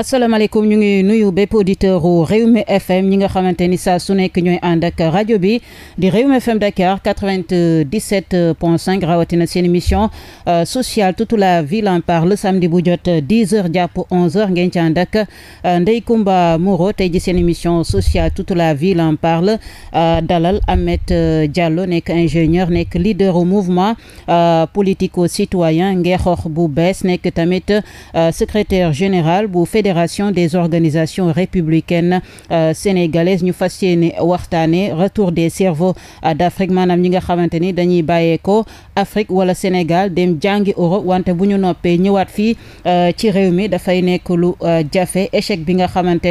asalaamaaleykum ñu ngi nuyu bépp auditeur u Rewmi FM ñi nga xamante ni saa su nekk ñooy ànd ak rajo bi di Rewmi FM Dakar 97 point 5 rawatina seen émission euh, sociale toute la ville en parle samedi bu jot 10 heures jàpp 11 heures ngeen ci ànd ak euh, Ndeye Comba Moreau tey ji seen émission sociale toute la ville en parle euh, dalal Ahmet Diallo nekk ingénieur nekk leader au mouvement politico citoyen Ngeexoox bu bees nekk tamit secrétaire général bu fédération des organisations républicaines euh, sénégalaises ñu fas yéene waxtaane retour des cerveaux euh, d'Afrique maanaam ñi nga xamante ni dañuy bàyyeekoo Afrique wala Sénégal dem jàngi Europe wante bu ñu noppee ñëwaat fii euh, ci réew mi dafay nekk lu jafe échec bi nga xamante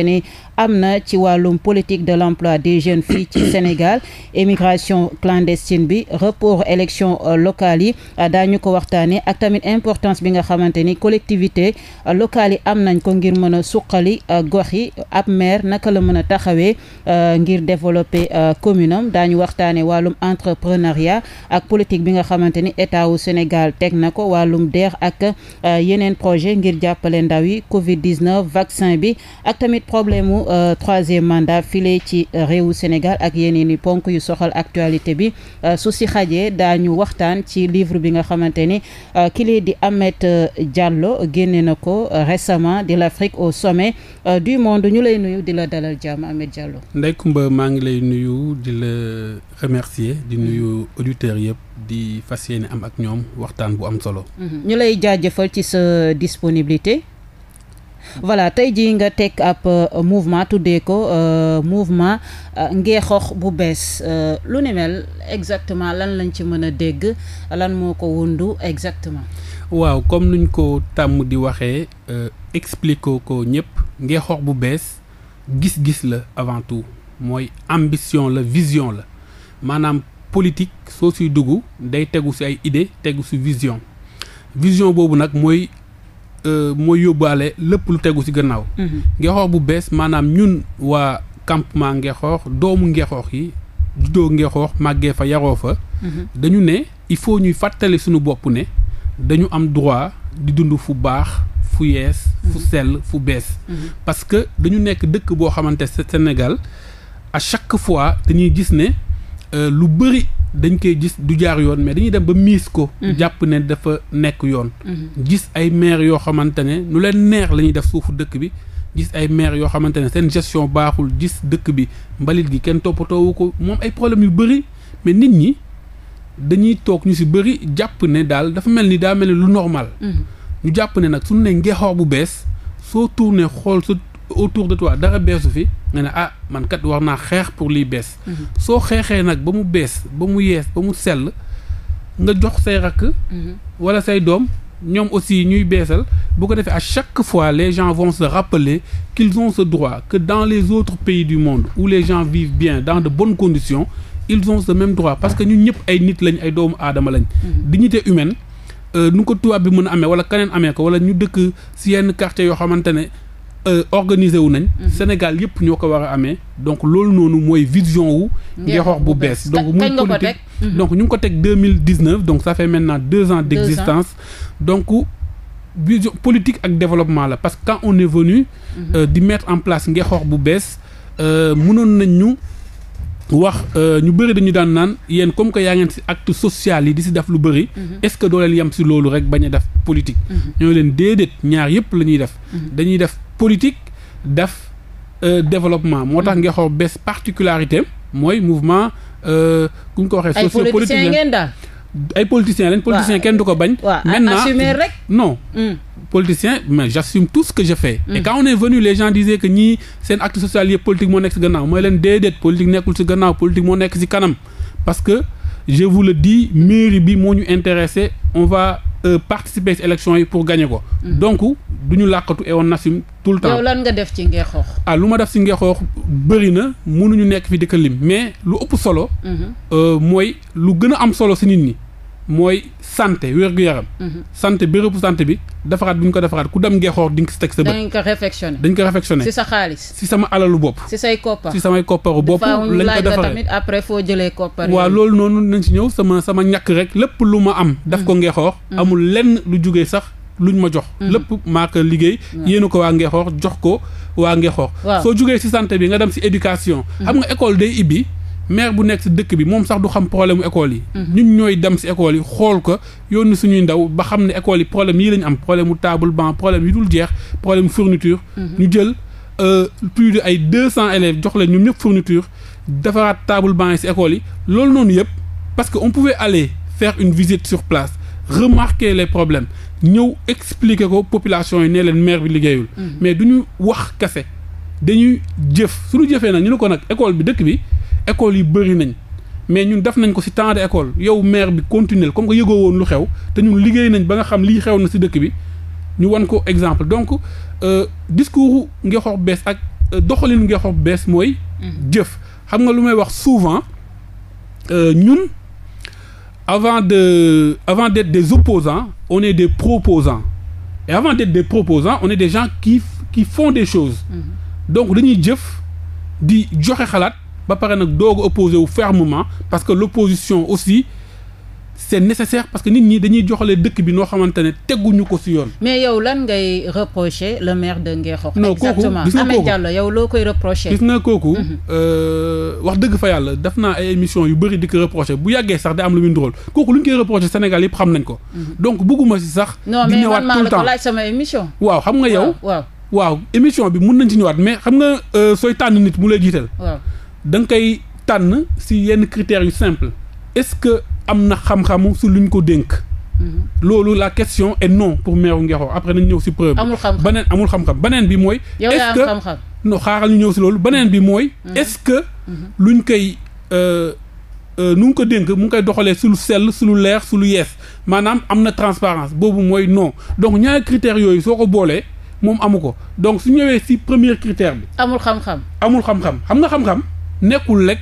am na ci wàllum politique de l'emploi des jeunes fii ci Sénégal émigration clandestine bi report élection euh, locales yi euh, daañu ko waxtaanee ak tamit importance bi nga xamante ni collectivité euh, locales yi am nañ ko ngir mën a suqali gox yi ab maire naka la mën a taxawee ngir développer commune am daañu waxtaanee wàllum entrepreneuriat ak politique bi nga xamante ni état wu Sénégal teg na ko wàllum DER ak yeneen projet ngir jàppale ndaw yi Covid 19 vaccin bi ak tamit problème bañu euh, troisième mandat file ci euh, réewu Sénégal ak yeneen i ponk yu soxal actualité bi euh, su si xajee daañu waxtaan ci livre bi nga xamante ni kile di amet Diallo génne na ko récemment la l'Afrique au sommet du monde ñu lay nuyu di la dalal jàmm Ahmed Diallo. Ndeye maa ngi lay nuyu di la remercier di nuyu auditeurs yëpp di fas yéene am ak ñoom waxtaan bu am solo. Mhm. ñu lay jaajëfal ci sa disponibilité. voilà tey jii nga teg ab euh, mouvement tuddee ko euh, mouvement euh, ngeexoox bu bees lu ni mel exactement lan lañ ci mën a dégg lan moo ko wundu exactement waaw comme nuñ ko tàmm di waxee expliquer ko ñëpp xoox bu bees gis-gis la avant tout mooy ambition la vision la maanaam politique soo siy dugg day tegu si ay idée tegu si vision vision boobu nag mooy Euh, mooy yóbbaale lépp lu tegu ci gannaaw. Mhm. ngexoox bu bees maanaam ñun waa campement ngexoox doomu ngexoox yi juddoo ngexoox màggee fa yaroo fa. Mhm. dañu ne il faut ñuy fàttali suñu bopp ne dañu am droit di dund fu baax fu yees. fu mhm. sell fu bees. parce que dañu nekk dëkk boo xamante Sénégal à chaque fois dañuy gis ne euh, lu bëri. dañ koy gis du jaar yoon mais dañuy dem ba miis ko. Mhm. jàpp ne dafa nekk yoon. Mhm. gis ay maire yoo xamante ne nu leen neex la ñuy def suufu dëkk bi. gis ay maire yoo xamante ne seen gestion baaxul gis dëkk bi mbalit gi kenn toppatoowu ko moom ay problème yu bëri mais nit ñi dañuy toog ñu si bëri jàpp ne daal dafa mel ni daa mel ni lu normal. Mhm. ñu jàpp ne nag suñu ne ngexoor bu bees soo tourné xool sa autour de toi dara beesu fi nga ne ah man kat war naa xeex pour liy bees mhm. soo xeexee nag ba mu bees ba mu yees ba mu sell nga jox say rakk mhm. wala say doom ñoom aussi ñuy beesal bu ko defee a chaque fois les gens vont se rappeler qu'ils ont ce droit que dans les autres pays du monde où les gens vivent bien dans de bonnes condition ils on ce même droit parce que ñun ñëpp ay nit lañ ay doomu aadama lañ mhm. dignité humaine euh, nu ko tubaab bi mën a amee wala keneen amee ko yoo xamante Euh, organisé wu nañ. Mhm. Sénégal yëpp ñoo ko war a amee. donc loolu noonu mooy vision wu. Ngeexoox bu bees donc muy politique mhm. donc ñu ngi ko teg deux mille dix neuf donc ça fait maintenant deux ans d' donc vision politique ak développement la parce que quand on est venu. Mhm. Euh, di mettre en place Ngeexoox bu bees euh, mënoon nañ ñu. wax ñu bëri dañu daan naan yéen comme que yaa ngeen si acte social yi di si def lu bëri. est-ce que doo yem si loolu rek bañ a def politique. ñoo leen déedéet ñaar yëpp la ñuy def. dañuy def. politique def euh, développement moo tax nga xaw bés particularité mooy mouvement euh, ku ñu ko waxee socio politique ngeen daal ay politiciens lañ politicien kenn du ko bañ maintenant rek non hmm. politicien mais j'assume tout ce que je fais et hmm. quand on est venu les gens disaient que ñii seen acte social yëpp politique moo nekk si gannaaw mooy leen déedéet politique nekkul si gannaaw politique moo nekk si kanam parce que je vous le dis bi moo ñu intéressé on va Euh, participer ci élection yi pour gagner ko. Mm. donc du ñu làqatu et on assume tout le temps. lan nga def ci ngeexoox. ah lu ma def ci ngeexoox bëri na ñu nekk fi di ko lim mais lu ëpp solo. Mm-hmm. Euh, mooy lu gën a am solo ci nit ñi. mooy santé wér-gu-yaram. Mhm. santé bérébu santé bi defaraat bu ñu ko defaraat ku dem ngeexoor di nga si teg sa bët. dañ ko réfectionné dañ ko réfectionné. si sa xaalis si sama alalu bopp. si say koppar si ko defaree tamit après foo jëlee koppar waaw loolu noonu nañ si ñëw sama sama ñàkk rek lépp lu ma am. def ko mhm. ngeexoor mhm. amul lenn lu jugee sax. lu luñ ma jox lépp maa ko liggéey yéen ko waa Ngexoox jox ko waa Ngexoox soo jugee ci santé bi nga dem ci éducation xam nga école day ibbi maire bu nekk si dëkk bi moom sax du xam problème mu école yi. Mhm. ñun ñooy dem si école yi xool ko yónni suñuy ndaw ba xam ne école yi problème yii la ñu am problème mu table banc problème yi dul jeex problème fourniture. Mhm. ñu jël euh, plus de ay deux cent élèves jox leen ñoom ñëpp fourniture defaraat table banc yi si école yi loolu noonu yëpp parce que on pouvait aller faire une visite sur place remarquer les problème ñëw expliquer ko population yi nee leen maire bi liggéeyul. Mhm. mais du ñu wax kese dañuy jëf suñu jëfee nag ñu ne ko nag école bi dëkk bi. école yi bëri nañ mais ñun def nañ ko ci temps de école yow maire bi continuer comme que yëgoo woon lu xew te ñun liggéey nañ ba nga xam lii xew na ci dëkk bi ñu wan ko exemple donc euh, discours Ngexox Bees ak euh, doxalin Ngexox Bees mooy. Mhm. jëf xam nga lu may wax souvent euh, ñun avant de avant de des opposants on est des proposants et des proposants on est des gens qui qui font des choses. Mhm. donc dañuy jëf di joxe xalaat. ba pare nag doog a opposé wu fermement parce que l'opposition aussi c'est nécessaire parce que nit ñi dañuy joxalee dëkk bi noo xamante ne teguñu ko si yoon. mais yow lan ngay reprocher le maire de ngay non kooku gis nga kooku Diallo yow loo koy reprocher. gis nga kooku. Mhm. Euh, wax dëgg fa yàlla def naa ay émissions yu bëri di ko reprocher bu yàggee sax day am lu muy ndóol kooku lu ñu koy reprocher Sénégal yëpp xam nañ ko. Mhm. donc bëgguma ci sax. di ñëwaat tout le temps mais man maa la ko laaj sama émission. waaw xam nga yow. waaw waaw bi mun nañ ci ñëwaat mais xam nga euh, sooy tànn nit mu lay jiital. da nga koy tànn si yenn critères yu simple est-ce que am na xam-xamu lu luñ ko dénk. Mhm. loolu la question est non pour meeru Ngexo après nañ ñëw si preuve. amul xam-xam beneen amul xam beneen bi mooy. yow yaa am xam-xam ce que non xaaral ñu ñëw si loolu beneen bi mooy. Mhm. est-ce que mhm. luñ koy. Euh, euh, nu ngi ko dénk mu ngi koy doxalee su lu sell leer su lu yees am na transparence boobu mooy non donc ñaari critères yooyu soo ko boolee moom amu ko donc su ñëwee si premier critère bi. amul xam amul xam-xam xam nga xam-xam. nekkul rek.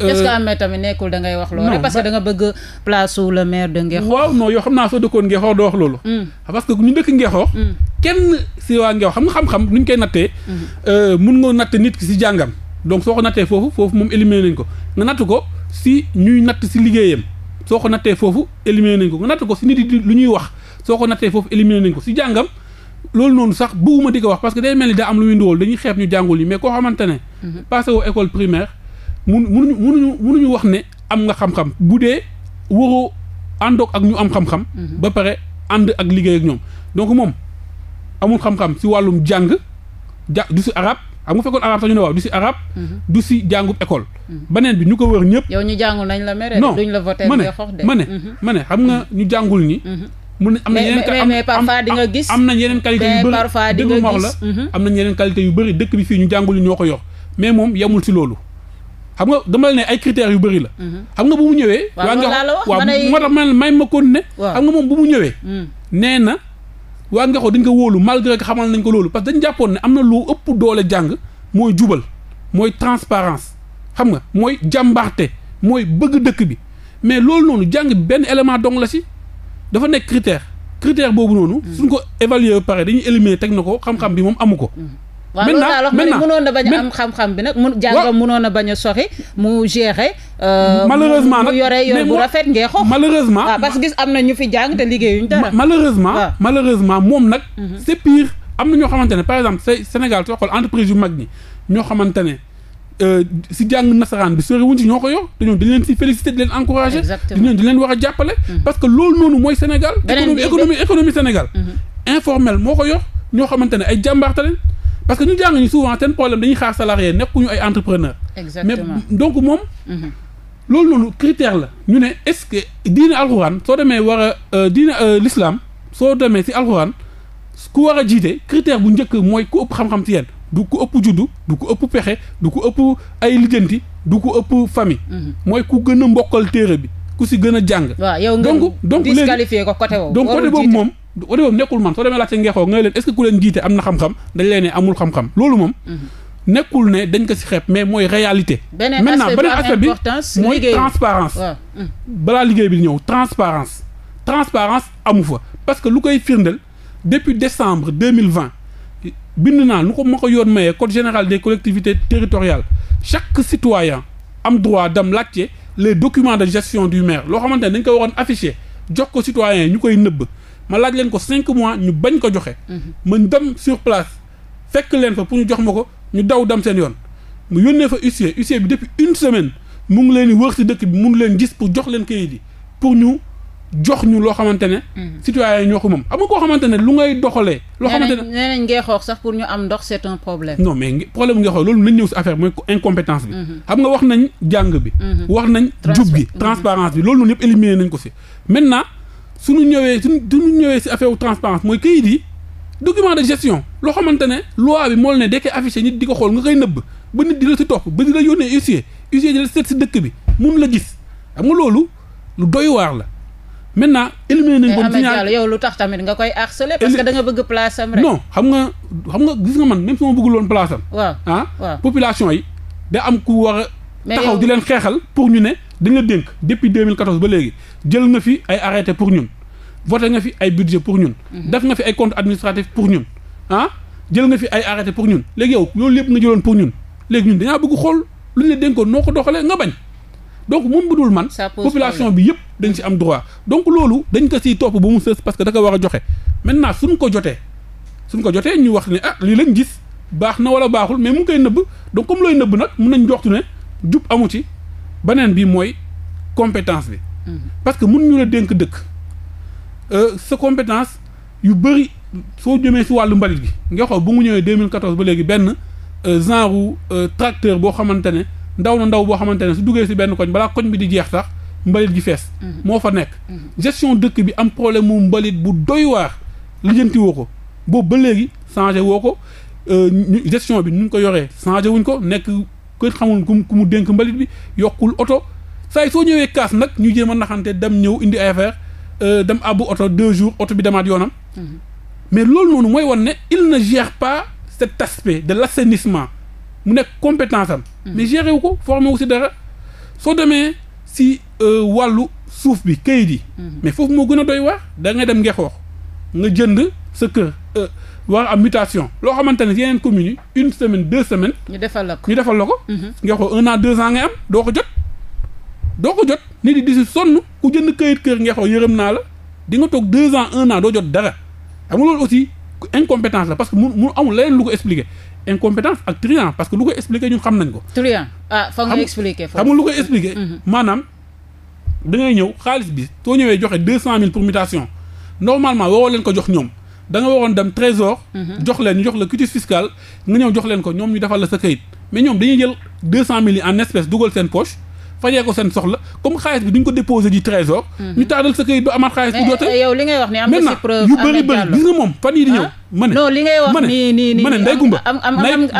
Euh, est-ce tamit nekkul da ngay wax loolu. parce que da nga bëgg place su le maire de Ngexoor. waaw non yoo xam naa soo dëkkoon Ngexoor doo wax loolu. Hmm. parce que ñu dëkk Ngexoor. Hmm. kenn si waa Ngexoor xam nga xam-xam nuñ koy nattee. Hmm. Euh, mun nga natt nit ki si jàngam. donc soo ko nattee foofu foofu moom éliminer nañ ko nga natt ko si ñuy natt si liggéeyam soo ko nattee foofu éliminer nañ ko nga natt ko si nit yi lu ñuy wax soo ko nattee foofu éliminer nañ ko si jàngam. loolu noonu sax bëgguma di ko wax parce que day mel ni daa am lu muy ndóol dañuy xeeb ñu jàngul yi mais koo xamante ne. passé wu école mun munuñu munuñu ñu wax ne am nga xam-xam bu dee waroo àndoog ak ñu am xam-xam. Mhm. ba pare ànd ak liggéey ak ñoom donc moom amul xam-xam si wàllum jàng ja du si arab am nga fekkoon arab sax ñu ne waaw du si arab mhm. du si mhm. bi ñu ko wër ñëpp. yow nañ la mere. duñ la voté ma ne ma ne ma ne xam nga ñu jàngul ñi. mun am na yeneen mais mais parfois di nga gis. am nañ yeneen qualité yu bëri dégg dëkk bi fii ñu jàngul ñoo ko yor mais moom yemul si loolu. xam nga dama ne ay critères yu bëri la. Mhm. xam nga bu mu ñëwee. waaw nga waaw moo tax man may ma kon ne. xam nga moom bu mu ñëwee. Mhm. nee na waa nga xoo dañ ko wóolu malgré que xamal nañ ko loolu parce que dañ jàppoon ne am na lu ëpp doole jàng mooy jubal mooy transparence xam nga mooy jàmbaarte mooy bëgg dëkk bi mais loolu noonu jàng benn élément dong la si dafa nekk critère critère boobu noonu. Mhm. suñ ko évaluer ba pare dañuy éliminer teg na ko xam-xam bi moom amu ko. waaw loolu laa wax ma ne mënoon na a am xam-xam bi nag a bañ a soxi mu gérer euh, malheureusement nag yore yoon bu rafet ngee xoox malheureusement waaw ah, parce que gis am na ñu fi jàng te liggéeyuñ dara malheureusement ah. malheureusement moom nag mhm. c'est pire am na ñoo xamante ne par exemple Sénégal soo xool entreprise yu mag ñi ñoo xamante ne euh, si jàng nasaraan bi sori wuñ si ñoo ko yor ñoom dañ leen si féliciter di leen encourager di leen di leen war a jàppale mhm. parce que loolu noonu mooy Sénégal économie économie Sénégal mhm. informel moo ko yor ñoo xamante ne ay jàmbaarte leen parce que ñu jàng ñu souvent seen problème dañuy xaar salarié ñu ay entrepreneur exactement mais donc moom. Mhm. loolu noonu critère la ñu ne est-ce que diine alxuraan soo demee war a euh, diine euh, l'islam soo demee si alxuraan ku war a jiite critère bu njëkk mooy ku ëpp xam-xam si yéen du ku ëpp juddu du ku ëpp pexe du ku ëpp ay lijjanti du ku ëpp famille. Mhm. mooy ku gën a mbokkal téere bi ku si gën a jàng. waaw yow nga disqualifié côté boobu donc boobu moom. audio boobu nekkul man soo demee laajte ngeexoo nga leen est-ce que ku leen jiite am na xam-xam dañ leen ne amul xam-xam loolu moom mhm. nekkul ne dañ ko si xeeb mais mooy réalité maintenant beneen aspect bi mooy transparence mm. balaa liggéey bi ñëw transparence transparence amu fa parce que lu koy firndeel depuis décembre 2020 bind naa lu ko ma ko yoon mayee code général des collectivité territoriales chaque citoyen am droit dam laajte les documents de gestion du maire loo xamante ne dañ ko waroon affiché jox ko citoyen ñu koy nëbb ma laaj leen ko cinq mois ñu bañ ko joxe. Mhm. ma dem sur place fekk leen fa pour ñu jox ma ko ñu daw dem seen yoon mu yónnee fa huissier huissier bi depuis une semaine mu ngi leen di wër si dëkk bi mu ngi leen gis pour jox leen kayit yi pour ñu. jox ñu loo xamante ne. Mhm. citoyen yi ñoo ko moom am nga koo xamante ne lu ngay doxalee. loo xamante ne nee nañ ngeexoox sax pour ñu am ndox c'est un problème. non mais problème ngeexoox loolu nañ ñëw si affaire mooy incompétence bi. Mhm. xam nga wax nañ jàng bi. wax nañ jub gi transparence bi loolu noonu yëpp nañ ko si maintenant. suñu ñëwee suñu suñu ñëwee si affaire transparence mooy kayit yi document de gestion loo xamante ne loi bi moo la ne dekkee affiché nit di ko xool nga koy nëbb ba nit di la si topp ba la yónnee huissier huissier di la seet si dëkk bi mun la gis xam nga loolu lu doy waar la maintenant éliminer nañ ko ci ñaar yow lu tax tamit nga koy harceler parce que da nga bëgg place am xam nga xam nga gis nga man même su ma bëggul woon place am ah, population yi da am ku war a taxaw di leen xeexal pour ñu ne dañ la dénk depuis 2014 ba léegi jël nga fi ay arrêté pour ñun voté nga fi ay budget pour ñun mhm. def nga fi ay compte administratif pour ñun ah jël nga fi ay arrêté pour ñun léegi yow loolu lépp nga jëloon pour ñun léegi ñun dañaa bëgg xool lu ñu la dénkoon noo ko doxalee nga bañ donc moom bu dul man population bi yëpp dañ si am droit donc loolu dañ ko siy topp ba mu sës parce que da war a joxe maintenant suñ ko jotee suñ ko jotee ñu wax ni ah lii lañ gis baax na baaxul mais mu ngi koy nëbb donc comme looy nëbb nag mun nañ joxtu ne jub amu ci beneen bi mooy compétence bi. Mm-hmm. parce que mën ñu la dénk dëkk euh, sa compétence yu bëri soo jëmee si wàllu mbalit gi nga bu mu ñëwee 2014 ba léegi benn euh, genre euh, tracteur boo xamante ne ndaw na ndaw boo xamante ne su duggee si benn koñ balaa koñ bi di jeex sax mbalit gi fees. Mm-hmm. moo fa nekk. Mm-hmm. gestion dëkk bi am problème mu mbalit bu doy waar lijjanti ko boobu ba léegi changé woo ko gestion bi nu ñu ko yoree changé wuñ ko nekk. kër xamul ku mu dénk mbalit bi yokkul oto saa soo ñëwee kaas nag ñu jéem a naxante dem ñëw indi ay affaire euh, dem àbbu oto deux jours oto bi demaat yoonam. Mhm. mais loolu noonu mooy wan ne il ne gère pas cet aspect de l' assainissement mu nekk compétence am. Mhm. mais géré wu ko formé wu si dara soo demee si euh, wàllu suuf bi kayit yi. Mhm. mais foofu moo gën a doy wax da ngay dem ngexoox nga jënd sa kër. Euh, war am loo xamante ne yeneen commune yi une semaine deux semaines. ñu defal la ko ñu defal la ko. Mhm. nga xool un an deux ans ngay am doo ko jot. doo ko jot nit yi di si sonn ku jënd këyit kër nga yërëm naa la di nga toog deux ans un an doo jot dara xam nga loolu aussi incompétence la parce que mu mu amul leneen lu ko expliquer. incompétence ak truand parce que lu koy expliquer ñun xam nañ ko. truand ah fa nga expliquer foofu xam lu koy expliquer. Mhm. maanaam da ñëw xaalis bi soo ñëwee joxe deux cent mille pour mutation normalement waroo leen ko jox ñoom. da nga waroon dem trésor mhm. jox leen ñu jox la quitus fiscal nga ñëw jox leen ko ñoom ñu defal la sa kayit mais ñoom dañuy jël deux cent en espèce dugal seen poche fajee ko seen soxla comme xaalis bi duñ ko déposé ji trésor mhm. ñu taadal sa kayit ba amaat xaalis bu dootee yow li ngay wax na ci moom fan di ñëw ah? ma ne non li ngay wax ma ne nday kumba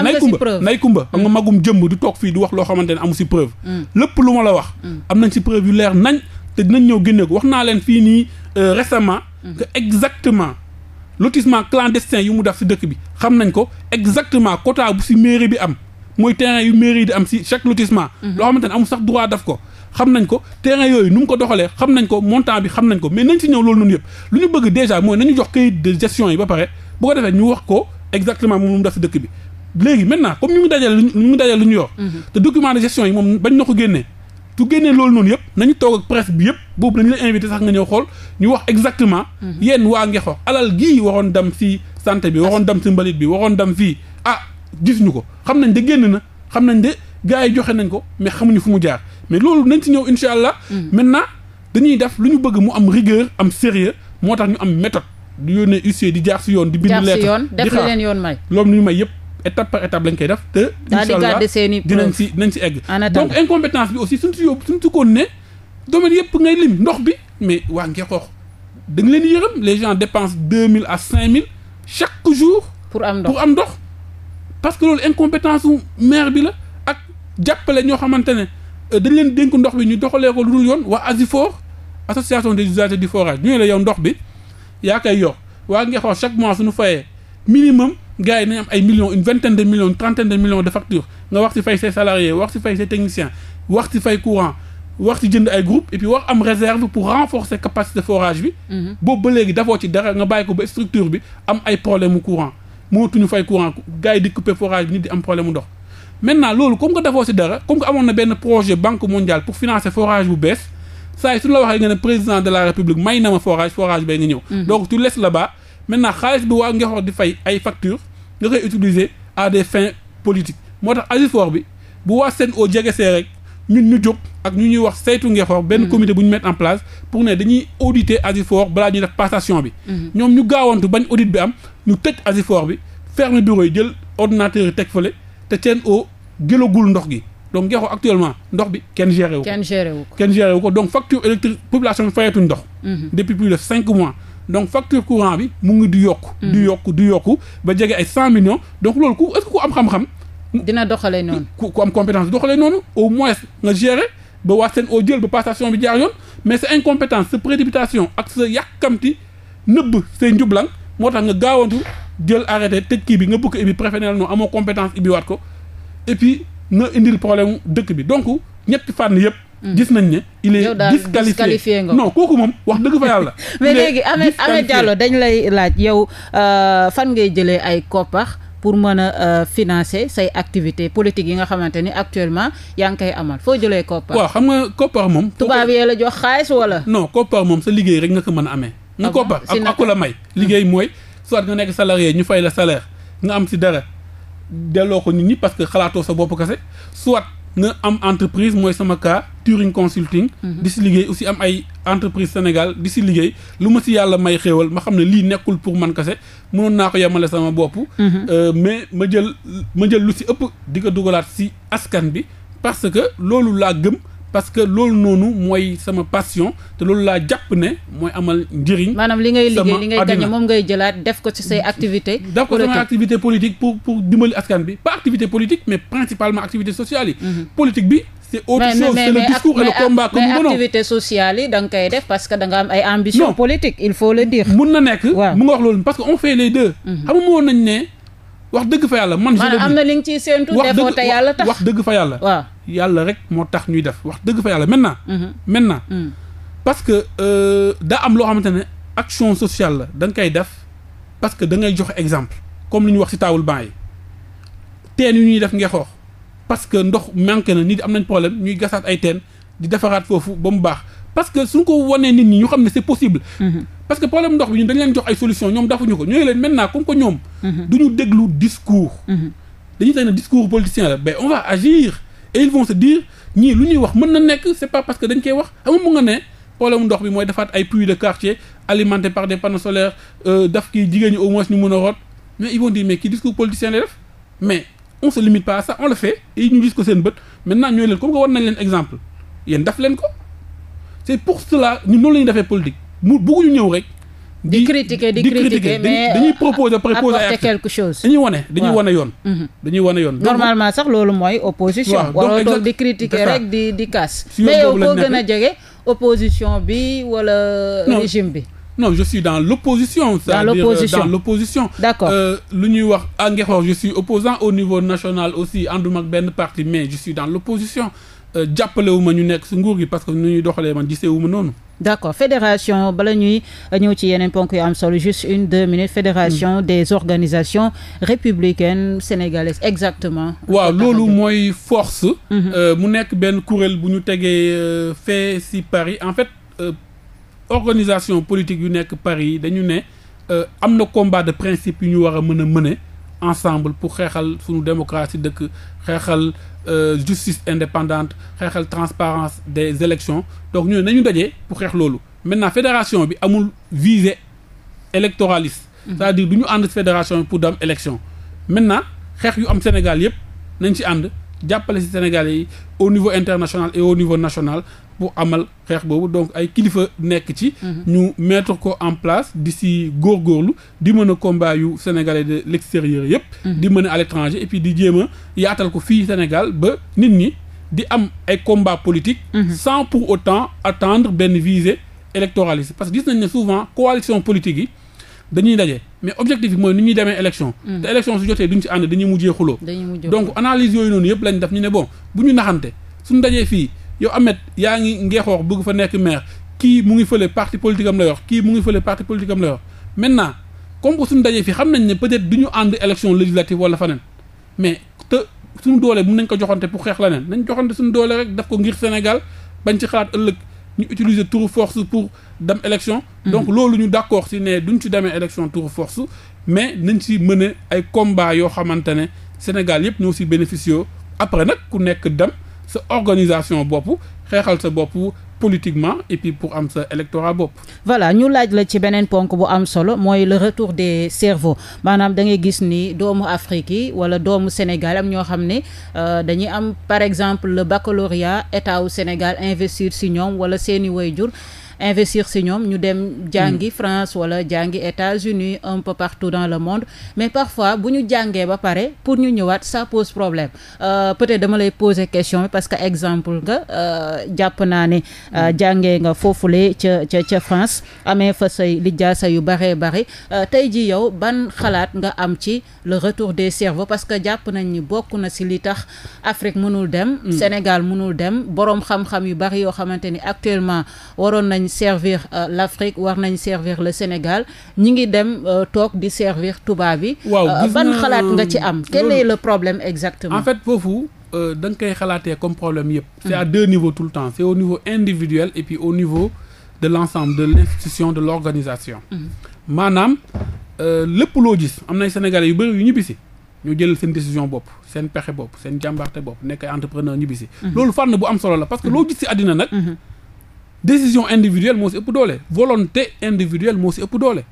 nay kumba nday kumba xam nga mm. magum jëmm du toog fii di wax loo xamante ne amu si preuve mm. lépp lu ma la wax mm. am nañ si preuve yu leer nañ te dinañ ñëw génne ko wax naa leen fii nii euh, récemment que exactement lotissement clandestin yu mu def si dëkk bi xam nañ ko exactement quota bu si mairie bi am mooy terrain yu mairie di am si chaque lotissement mhm. loo xamante ne amul sax droit daf ko xam nañ ko terrain yooyu nu mu ko doxalee xam nañ ko montant bi xam nañ ko mais nañ si ñëw loolu noonu yëpp lu ñu bëgg déjà mooy nañu jox kayit de gestion yi ba pare bu ko defee ñu wax ko exactement moom lu mu si dëkk bi léegi maintenant comme ñu ngi dajale ñu ngi dajale lu ñu yor mhm. te document de gestion yi moom bañ su génnee loolu noonu yëpp nañu toog ak presse bi yëpp boobu nañu la invité sax nga ñëw xool ñu wax exactement mhm. yéen waa Ngexox alal gii waxoon dem si santé bi waxoon dem si mbalit bi waxoon dem fii ah gis ñu ko xam nañ de génn na xam nañ de gars yi joxe nañ ko mais xamuñu fu mu jaar mais loolu nañ si ñëw incha allah mhm. maintenant dañuy def lu ñu bëgg mu am rigueur am sérieux moo tax ñu am méthode di yónnee huissier di jaar si yoon di bind lettre di xaar loolu ñu may yëpp étape par étape lañ koy def te incha allah dinañ si dinañ si egg donc incompétence bi aussi suñ si yóbbu suñ si ko ne domaine yëpp ngay lim ndox bi mais waa Ngexoox da nga leen yërëm les gens dépensent deux mille à cinq mille chaque jour pour am ndox pour am ndox parce que loolu incompétence u maire bi la ak jàppale ñoo xamante ne euh, dañ leen dénk ndox bi ñu doxalee ko lu dul yoon waa ASIFOR association des usagers du forage ñu ne la yow ndox bi yaa koy yor waa Ngexoox chaque mois suñu fayee minimum gars yi nañ am ay millions une vingtaine de millions une trentaine de millions de factures nga wax ci fay say salariés wax ci fay say techniciens wax ci fay courant wax ci jënd ay groupe et puis wax am réserve pour renforcer capacité forage bi. Mhm. boobu ba léegi dafoo ci dara nga bàyyi ko ba structure bi am ay problème mu courant mootuñu fay courant gars yi di couper forage bi nit di am problème mu ndox. maintenant loolu comme que dafoo ci dara comme que amoon na benn projet ma forage forage maintenant xaalis bi waa Ngexoor di fay ay facture nga koy utiliser à des fins politiques moo tax Azifor bi bu waa o jege see rek ñun ñu jóg ak ñu ñuy wax saytu Ngexoor benn mm. comité bu ñu mettre en place pour ne dañuy auditer Azifor balaa ñuy def passation bi. Mm-hmm. ñoom ñu gaawantu bañ audit bi am ñu tëj Azifor bi ferme bureau yi jël ordinateur yi teg fole te Sen'Eau jëlagul ndox gi. donc Ngexoor actuellement ndox bi kenn géré wu ko. kenn géré ko kenn géré wu ko donc facture électrique population bi ndox. Mm-hmm. depuis plus de cinq mois. donc facture courant bi mu ngi di yokk di mm. yokk di yokku ba jege ay cent millions donc loolu ku est-ce am xam-xam. dina doxalee noonu. ku am compétence doxalee noonu au moins nga gérer ba waa seen au jël ba passation bi jaar yoon mais sa incompétence sa précipitation ak sa yàkkamti nëbb say njublang moo tax nga gaawantu jël arrêté tëj kii bi nga bëgg ibi préfet noo amoo compétence waat ko et puis nga indil problème dëkk bi donc ñetti fànn yëpp. gis nañ ne il est disqualifié non kooku moom wax dëgg fa yàlla mais léegi ame Ahmed Diallo dañ lay laaj yow euh, fan ngay jëlee ay koppax pour mën a euh, financer say activité politique yi nga xamante ni actuellement yaa ngi koy amal foo jëlee koppar. waaw xam nga koppar moom. tubaab yee la jox xaalis wala. no koppar moom sa liggéey rek nga ko mën a amee. nga ah koppar ak aku la may. Mm-hmm. liggéey mooy soit nga nekk salarié ñu fay la salaire nga am si dara delloo ko nit ñi parce que xalaatoo sa bopp kese soit. na am entreprise mooy sama cas Turing Consulting. Mhm. di si liggéey aussi am ay entreprise Sénégal di si liggéey lu ma si yàlla may xéewal ma xam ne lii nekkul pour man kese mënoon naa ko yemale sama bopp. Mhm. Euh, mais ma jël ma jël lu si ëpp di ko dugalaat si askan bi parce que loolu laa gëm. parce que loolu noonu mooy sama passion te loolu laa jàpp ne mooy amal njëriñ. maanaam li ngay liggéey li ngay gagné moom ngay jëlaat def ko ci say mm. activité def ko sama activité politique pour pour dimbali askan bi pas activité politique mais principalement activité sociale yi. Mm-hmm. politique bi. c'est autre chose c'est le discours nga koy def parce que da nga am ay ambition politique il faut le dire. mun na nekk mu nga wax loolu parce que on fait les deux. Mm-hmm. xam nañ ne wax dëgg fa yàlla man. je am na li nga ciy séntu yàlla tax wax dëgg fa yàlla yàlla rek moo tax ñuy def wax dëgg fa yàlla maintenant. Mhm. maintenant mhm. parce que euh, daa am loo xamante ne action sociale la da nga koy def parce que da ngay joxe exemple comme lu ñu wax ci taawul ban yi teen yu ñuy def ngexoox parce que ndox manqué na nit am nañ problème ñuy gasaat ay teen di defaraat foofu ba mu baax parce que suñ ko wanee nit ñi ñu xam ne c'est possible. Mhm. parce que problème ndox bi ñun dañ leen jox ay solution ñoom dafuñu ko ñooy leen maintenant comme que ñoom. du ñu déglu discours. dañuy tax ne discours politicien la mais on va agir. et ils vont dire ñii lu ñuy wax mën na nekk c'est pas parce que dañ koy wax xam nga mu nga ne problème bi mooy defaat ay puits de quartier alimenté par des panneaux solaires euh, daf kii jigéen ñi au moins ñu a root mais ils vont dire mais kii discours politicien lay def mais on se limite pas à ça on le fait ñu gis ko seen bët maintenant ñooy leen comme que war nañ leen exemple yéen daf leen ko c'est pour cela ñun noonu la ñuy defee politique mu bëgguñu ñëw rek di critiquer di critiquer mais dañuy euh, proposer préposer apporter quelque chose yoon mhm. dañuy wane yoon normalement sax loolu mooy opposition waroo toog di critiquer rek di di kaas mais yow koo gën jege opposition bi wala euh, régime bi non je suis dans l'opposition c'est-à-dire euh, dans l'opposition d'accord lu ñuy wax a ngexoox je suis opposant au niveau national aussi ànduma ak benn parti mais je suis dans l'opposition Euh, jàppalewu ma ñu nekk si nguur gi parce que nu ñuy doxalee man giseewu ma noonu. d' fédération bala ñuy ñëw ci yeneen ponk yu am solo juste une deux minutes fédération mm. des organisations républicaines sénégalaises exactement. waaw loolu mooy force. Mm-hmm. Euh, mu nekk benn kuréel bu ñu tegee euh, fee si Paris en fait euh, politiques yu nekk Paris dañu ne am na combat de principe yu ñu war a mën a mëne ensemble pour xeexal suñu démocratie dëkk xeexal euh, justice indépendante xeexal transparence des élections donc ñooñu nañu dajee pour xeex loolu maintenant fédération bi amul visée électoraliste mm-hmm. c'est-à-dire du ñu ànd fédération bi pour dem élection maintenant xeex yu am Sénégal yëpp nañ ci ànd jàppale si Sénégal yi au niveau international et au niveau national pour amal xeex boobu donc ay kilifa nekk ci. Mhm. ñu mettre ko en place di si góorgóorlu di mën a combat yu sénégalais de l' extérieur yëpp. Mhm. di mën a à l' et puis di jéem a yaatal ko fii Sénégal ba nit ñi di am ay combat politique. Mhm. sans pour autant attendre benn visée électoraliste parce que gis nañ ne souvent coalition politique yi. dañuy daje mais objectif bi mooy nu ñuy demee élection mm. te élection su jotee duñ ci ànd dañuy mujjee xuloo donc analyse yooyu noonu yëpp lañ def ñu ne bon bu ñu naxante suñu dajee fii yow Ahmed yaa ngi ngeexoox bëgg fa nekk maire kii mu ngi fële parti politique am la yor kii mu ngi fële parti politique am la yor maintenant comme que suñu dajee fii xam nañ ne peut-être du ñu ànd élection législative wala faneen mais te suñu doole mun nañ ko joxante pour xeex leneen nañ joxante suñu doole rek daf ko ngir Sénégal bañ ci xalaat ëllëg ñu utiliser tour force pour dem élection. donc mm-hmm. loolu ñu d'accord ci ne duñ ci demee élection tour force mais nañ ci mën ay combat yoo xamante ne Sénégal yëpp ñoo ci bénéficié après nag ku nekk dem sa organisation bopp xeexal sa bopp. politiquement et pour am sa électorat bopp. voilà ñu laaj la ci beneen ponk bu am solo mooy le retour des cerveaux maanaam da ngay gis ni doomu Afrique yi wala doomu Sénégal am ñoo xam ne euh, dañuy am par exemple le baccalauréat état wu Sénégal investir si ñoom wala seeni waajur investir si ñoom ñu dem jàngi hmm. France wala jàngi États-Unis un peu partout dans le monde mais parfois bu ñu jàngee ba pare pour ñu ñëwaat ça pose problème euh, peut-être dama lay poser question parce que exemple nga euh, jàpp naa ne euh, hmm. jàngee nga foofule ca ca ca France amee fa say say yu baree bari tey ji yow ban xalaat nga am ci le retour des cerveaux parce que jàpp nañ ni bokk na si li tax Afrique mënul dem hmm. Sénégal mënul dem boroom xam-xam yu bari yoo nañ servir euh, war nañ servir le Sénégal ñi ngi dem euh, toog di servir tubaab yi waaw euh, ban xalaat nga ci am quel est le problème exactement en fait foofu da nga koy xalaatee comme problème yëpp c'est hmm. à deux niveaux tout le temps c'est au niveau individuel et puis au niveau de l'ensemble de l'institution de l'organisation hmm. maanaam lépp loo gis am nay Sénégalais yu bëri yu ñibbisi ñu jël seen décision bopp seen pexe bopp seen jàmbarte bopp nekk ay entrepreneur ñibbisi hmm. décision individuelle moo si ëpp doole volonté individuelle doole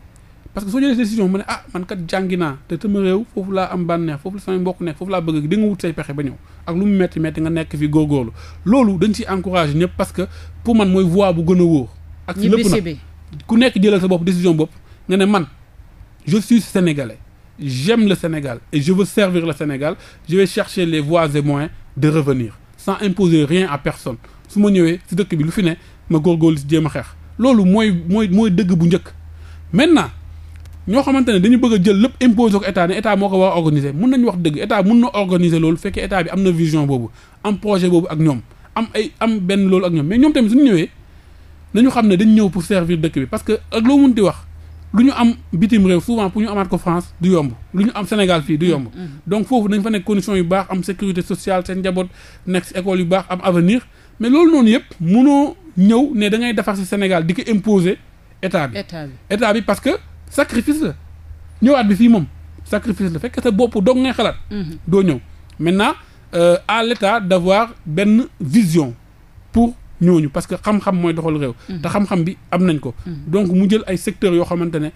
parce que soo jëlee décision mu ne ah man kat jàngi naa te tama foofu laa am bànneex foofu la samay mbokk nekk foofu laa bëgg di nga wut say pexe ba ñëw ak lu mu metti metti nga nekk fi góorgóorlu loolu dañ ciy encouragé ñëpp parce que pour man mooy voie bu gën a wóor ak si lépp nag ku nekk jëlal sa bopp décision bopp nga ne man je suis sénégalais j'aime le Sénégal et je veux servir le Sénégal je vais chercher les voies et moyens revenir sans imposer rien à personne su ma ñëwee dëkk bi lu fi ne na góorgóorlu si jéem a xeex loolu mooy mooy mooy dëgg bu njëkk maintenant ñoo xamante ne dañu bëgg jël lépp imposé ko état ne état moo ko war a mun nañu wax dëgg état mun na organiser loolu fekkee état bi am na vision boobu am projet boobu ak ñoom am ay am benn loolu ak ñoom mais ñoom tamit suñu ñëwee nañu xam ne dañ ñëw pour servir dëkk bi parce que ak loo mun di wax lu ñu am bitim réew souvent pour ñu amaat ko France du yomb lu ñu am Sénégal fii du yomb mm, mm. donc foofu dañ fa nekk conditions yu baax am sécurité sociale seen njaboot nekk école yu baax am avenir mais loolu yëpp ñëw ne da ngay defar si Sénégal di ko imposer état bi. état bi parce que sacrifice la ñëwaat bi fii moom sacrifice la fekk sa bopp dong ngay xalaat. Mhm. doo ñëw maintenant euh, à l'état d'avoir benn vision pour. ñooñu parce que xam-xam mooy doxal réew. Mhm. te xam-xam bi am nañ ko. Mhm. donc mu jël ay secteurs yoo xamante ne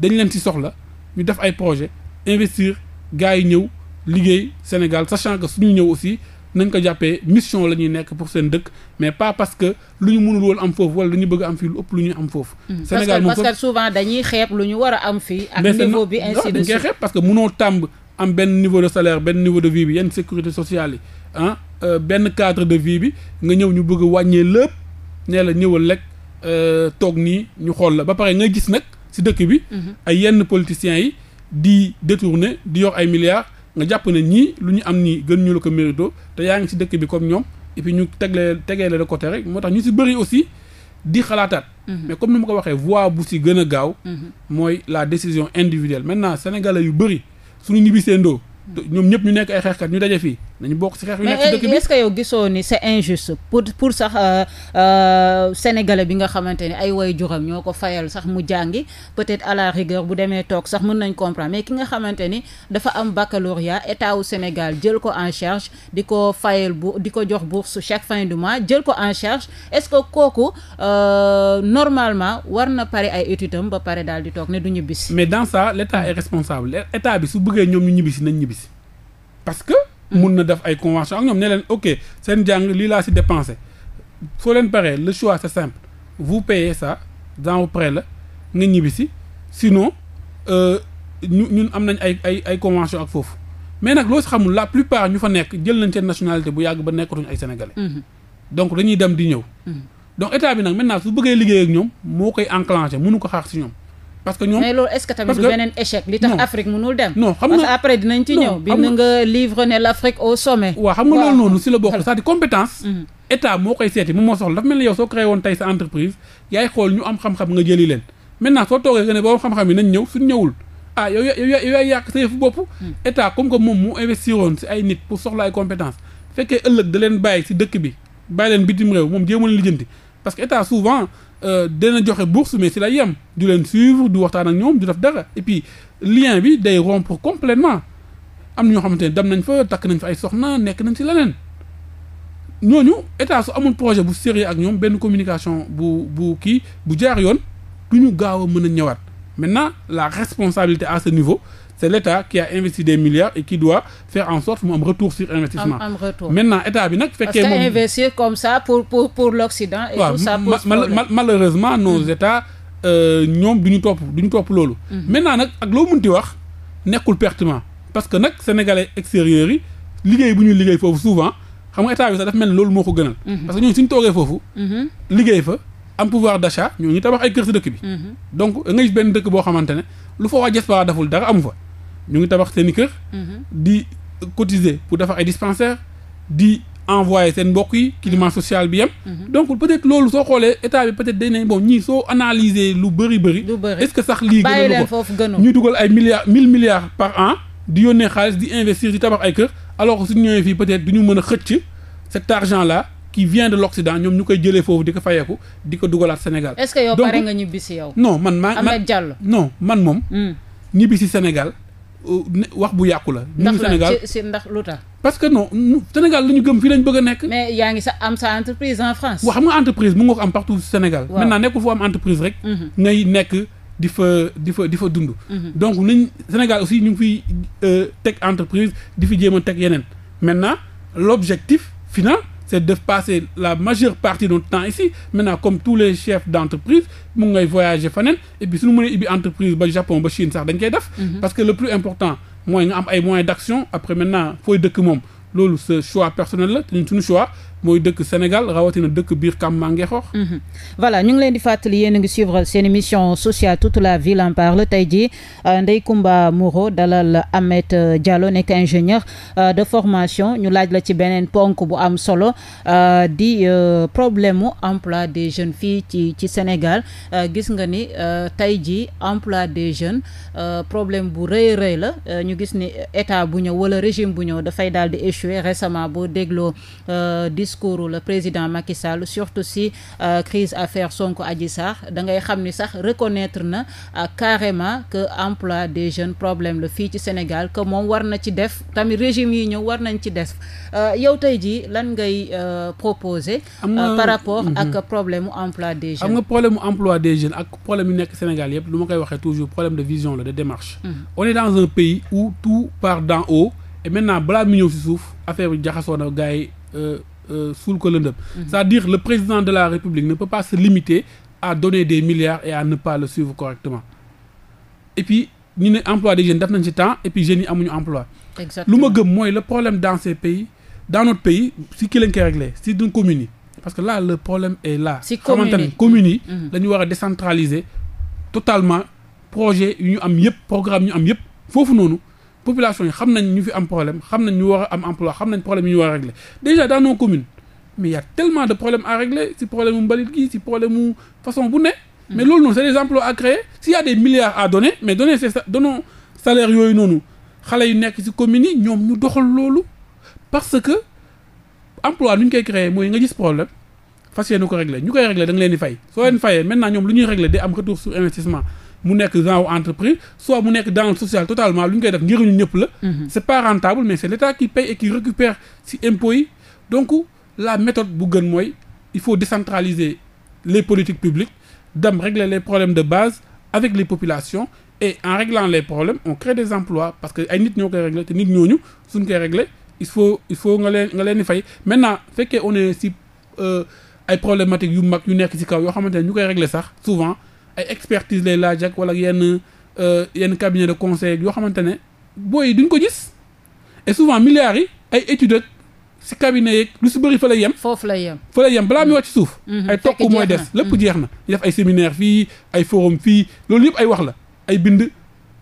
dañ leen ci soxla ñu def ay projet investir gars yi ñëw liggéey Sénégal sachant que suñu ñëw aussi. nañ ko jàppee mission la ñuy nekk pour seen dëkk mais pas parce que lu ñu mënul woon am foofu wala ñu bëgg am fii lu ëpp lu ñu am foofu. Hmm. Sénégal moom parce que souvent dañuy xeeb lu ñu war a am fii. ak niveau bi ainsi de suite parce que mënoo tàmb am benn niveau de salaire benn niveau de vie bi yenn sécurité sociale ah euh, benn cadre de vie bi nga ñëw ñu bëgg a wàññee lépp nee la ñëwal lekk euh, toog nii ñu xool la ba pare nga gis nag si dëkk bi. Hmm. ay yenn politiciens yi di détourner di yor ay milliards. nga jàpp ne ñii lu ñu am nii gën ñu la ko mérito te yaa ngi si dëkk bi comme ñoom et ñu teglee tegee la de côté rek moo tax ñu si bëri aussi di xalaataat mhm. mais comme ni ma ko waxee voie bu si gën a gaaw mhm. mooy la décision individuelle maintenant sénégalais yu bëri suñu ñibbi seendoo ñoom ñëpp ñu nekk ay xeexkat ñu daje fii nañu bokk ci xeex yu nekk ci dëkk euh, bi mais yow gisoo ni c'est injuste pour pour sax euh, euh, sénégalais bi nga xamante ne ay waajuram ñoo ko fayal sax mu jàngi peut-être à la rigueur bu demee toog sax mun nañ comprendre mais ki nga xamante ni dafa am baccalauréat état wu Sénégal jël ko en di ko fayal bu di ko jox bourse chaque fin du mois jël ko en charge est-ce que kooku normalement war na pare ay études am ba pare daal di toog ne du ñibbisi. mais dans ça l'État est responsable l'État bi su bëggee ñoom ñu ñibbisi nañ ñibbisi parce que. mun na def ay convention ak ñoom ne leen ok seen jàng lii laa si dépensé foo leen paree le choix c'est simple vous payez sa dans prêt la nga ñibbi si sinon euh, ñu ñun am nañ ay ay ay convention ak foofu mais nag loo si xamul la plupart ñu fa nekk jël nañ seen nationalité bu yàgg ba nekkatuñ ay sénégalais. Mm-hmm. donc dañuy dem di ñëw. Mm-hmm. donc état bi nag maintenant su bëggee liggéey ak ñoom moo koy enclenché mënu ko xaar si ñoom. parce que ñoom mais loolu est-ce que tamit du beneen échec. dem. non xam nga livre ne l'Afrique au sommet. waaw xam nga loolu noonu si la bokk cest à compétence. Mhm. état moo koy seeti moom moo soxla dafa mel ni yow soo créé woon tey sa entreprise yaay xool ñu am xam-xam nga jëli leen maintenant soo toogee nga ne boo xam-xam yi nañ ñëw suñ ñëwul ah yow yaay yàq sa yëfu bopp. Mhm. état comme que moom mu investir woon si ay nit pour soxla ay compétence fekkee ëllëg da bàyyi si dëkk bi bàyyi leen bitim réew moom jéem a lijjanti parce que état souvent Euh, dana joxe bourse mais si la yem du leen suivre du waxtaan ak ñoom du def dara et lien bi day rompre complètement am ñoo xamante ne dem nañ fa takk nañ fa ay soxna nekk nañ si leneen ñooñu état su amul projet bu sérieux ak ñoom benn communication bu bu kii bu jaar yoon du ñu gaaw a mën a ñëwaat maintenant la responsabilité à ce niveau c'est l'État qui a investi des milliards et qui doit faire en sorte mu am retour sur investissement am retour état bi nag. fekkee moom parce que investir comme ça pour pour mm. euh, ñoom du ñu topp du ñu topp loolu. Mm-hmm. maintenant nag ak loo munti wax nekkul pertinent parce que nag sénégalais extérieurs yi liggéey bu ñu liggéey foofu souvent xam nga état bi sax dafa mel ni loolu moo ko gënal. Mm-hmm. parce que ñooñu suñu toogee foofu. Mm-hmm. liggéey fa. am pouvoir d'achat ñoo ñu tabax ay kër dëkk bi donc benn dëkk boo xamante ne lu fa waa diaspora daful amu fa ñu ngi tabax seen i kër. Mhm. di cotiser pour defar ay dispensaires di envoyer seen mbokk yi climat mhm. social bi yem. Mhm. donc peut loolu soo xoolee état bi peut-être dañ ne bon ñii soo analyser lu bëri bëri. est-ce que sax lii gënalu ko ñu dugal ay milliards mille milliards par an di yónnee xaalis di investir di tabax ay kër alors suñu ñëwee fii peut du ñu mën a xëcc cet argent là. qui vient de l'Occident ñoom ñu koy jëlee foofu di ko fayeeku di ko dugalaat Sénégal. est-ce que yow pare nga ñibbi si yow. man maa man Ahmed Diallo non man moom. Hmm. ñibbi si Sénégal. wax bu yàqu la. ñun Sénégal ndax lu tax. parce que non Sénégal la ñu gëm fii lañ bëgg a nekk. mais yaa ngi sax am sa entreprise en France. waaw xam nga entreprise mu nga ko am partout Sénégal. maintenant nekkul foo am entreprise rek. Mhm. ngay nekk di fa di fa di fa dund. Mhm. donc nañ Sénégal aussi ñu ngi fiy euh, teg entreprise di fi jéem a teg yeneen maintenant l'objectif final. c'est de passer la majeure partie de notre temps ici maintenant comme tous les chefs d'entreprise mu ngay voyager faneen et puis suñu mënee ibi entreprise ba Japon ba Chine sax dañ koy def mhm. parce que le plus important mooy nga am ay moyens d'action après maintenant fooy dëkk moom loolu ce choix personnel la te ñun suñu choix mooy dëkk Sénégal rawatina dëkk biir Kamba Ngexoox. Mhm. voilà ñu ngi leen di fàttali yéen ngi suivre seen émission sociale toute la ville en parle tey jii euh, Ndeye Comba Moreau dalal Ameth euh, Diallo nekk ingénieur euh, de formation ñu laaj la ci beneen ponk bu am solo di problème mu emploi des jeunes fii ci ci Sénégal gis nga ni tey ji emploi des jeunes problème bu rëy rëy la ñu gis ni état bu ñëw wala régime bu ñëw dafay daal di échouer récemment boo dégloo. discours le président Macky Sall surtout si euh, crise affaire Sonko Adji Sarr da ngay xam ni sax reconnaître na euh, carrément que emploi des jeunes problème la fii ci Sénégal que moom war na ci def tamit régime yi ñëw war nañ ci des euh, yow tey jii lan ngay proposer par rapport mhm. ak problème mu emploi des jeunes am nga problème mu emploi des jeunes ak problème yu nekk Sénégal yëpp lu ma koy waxee toujours problème de vision la de démarche mhm. on est dans un pays où tout part d'en haut et maintenant balaa mu ñëw si suuf affaire bi jaxasoo na suul euh, ko lëndëm mhm. c'est-à-dire le président de la République ne peut pas se limiter à donner des milliards et à ne pas le suivre correctement et puis ñu ne emploi des jeunes def nañ ci temps et puis jeunes yi amuñu emploi lu ma gëm mooy le problème dans ces pays dans notre pays si kii lañ koy réglé si duñ commune parce que là le problème est là xamante ne yi mhm. la ñu war a décentraliser totalement projet yu ñu am yëpp programme yu ñu am yëpp foofu noonu population yi xam nañ ñu fi am problème xam nañ ñu war a am emploi xam nañ problème yi ñu war a régler déjà dans nos communes mais y a tellement de problèmes à régler si problème mu mbalit gi si problème mu façon bu ne. Mm-hmm. mais loolu noonu c'est yooyu noonu xale yu nekk si communes yi ñoom ñu doxal loolu parce que emploi nu ñu koy créer mooy nga gis problème fas yéene ko ñu koy régler da leen fay soo leen fayee maintenant ñoom lu ñuy régler day am retour sur investissement. mu nekk genre entreprise soit mu nekk dans le totalement lu ñu koy def njëriñu ñëpp la. Mhm. c'est pas rentable mais c'est l'État qui paye et qui récupère ci impôts donc la méthode bu gën mooy il faut décentraliser les politiques publiques dem régler les problèmes de base avec les populations et en réglant les problèmes on crée des emplois parce que ay nit ñoo koy régler te nit ñooñu suñ koy régler il faut il nga leen nga leen di fay maintenant fekkee on est ci euh, ay problématiques yu mag yu nekk ci kaw yoo xamante ne ñu koy régler sax souvent. ay expertise lay laaj ak wala yenn euh, yenn cabinet de conseil yoo xamante ne booy duñ ko gis et souvent milliards yi ay études ak si cabinet yeeg lu si bëri fa lay yem. foofu lay yem fa lay yem balaa muy wàcc ci suuf. Mhm. ay tokk mooy des lépp mhm. jeex na. ñu def ay séminaire fii ay forum fii loolu yëpp ay wax la ay bind.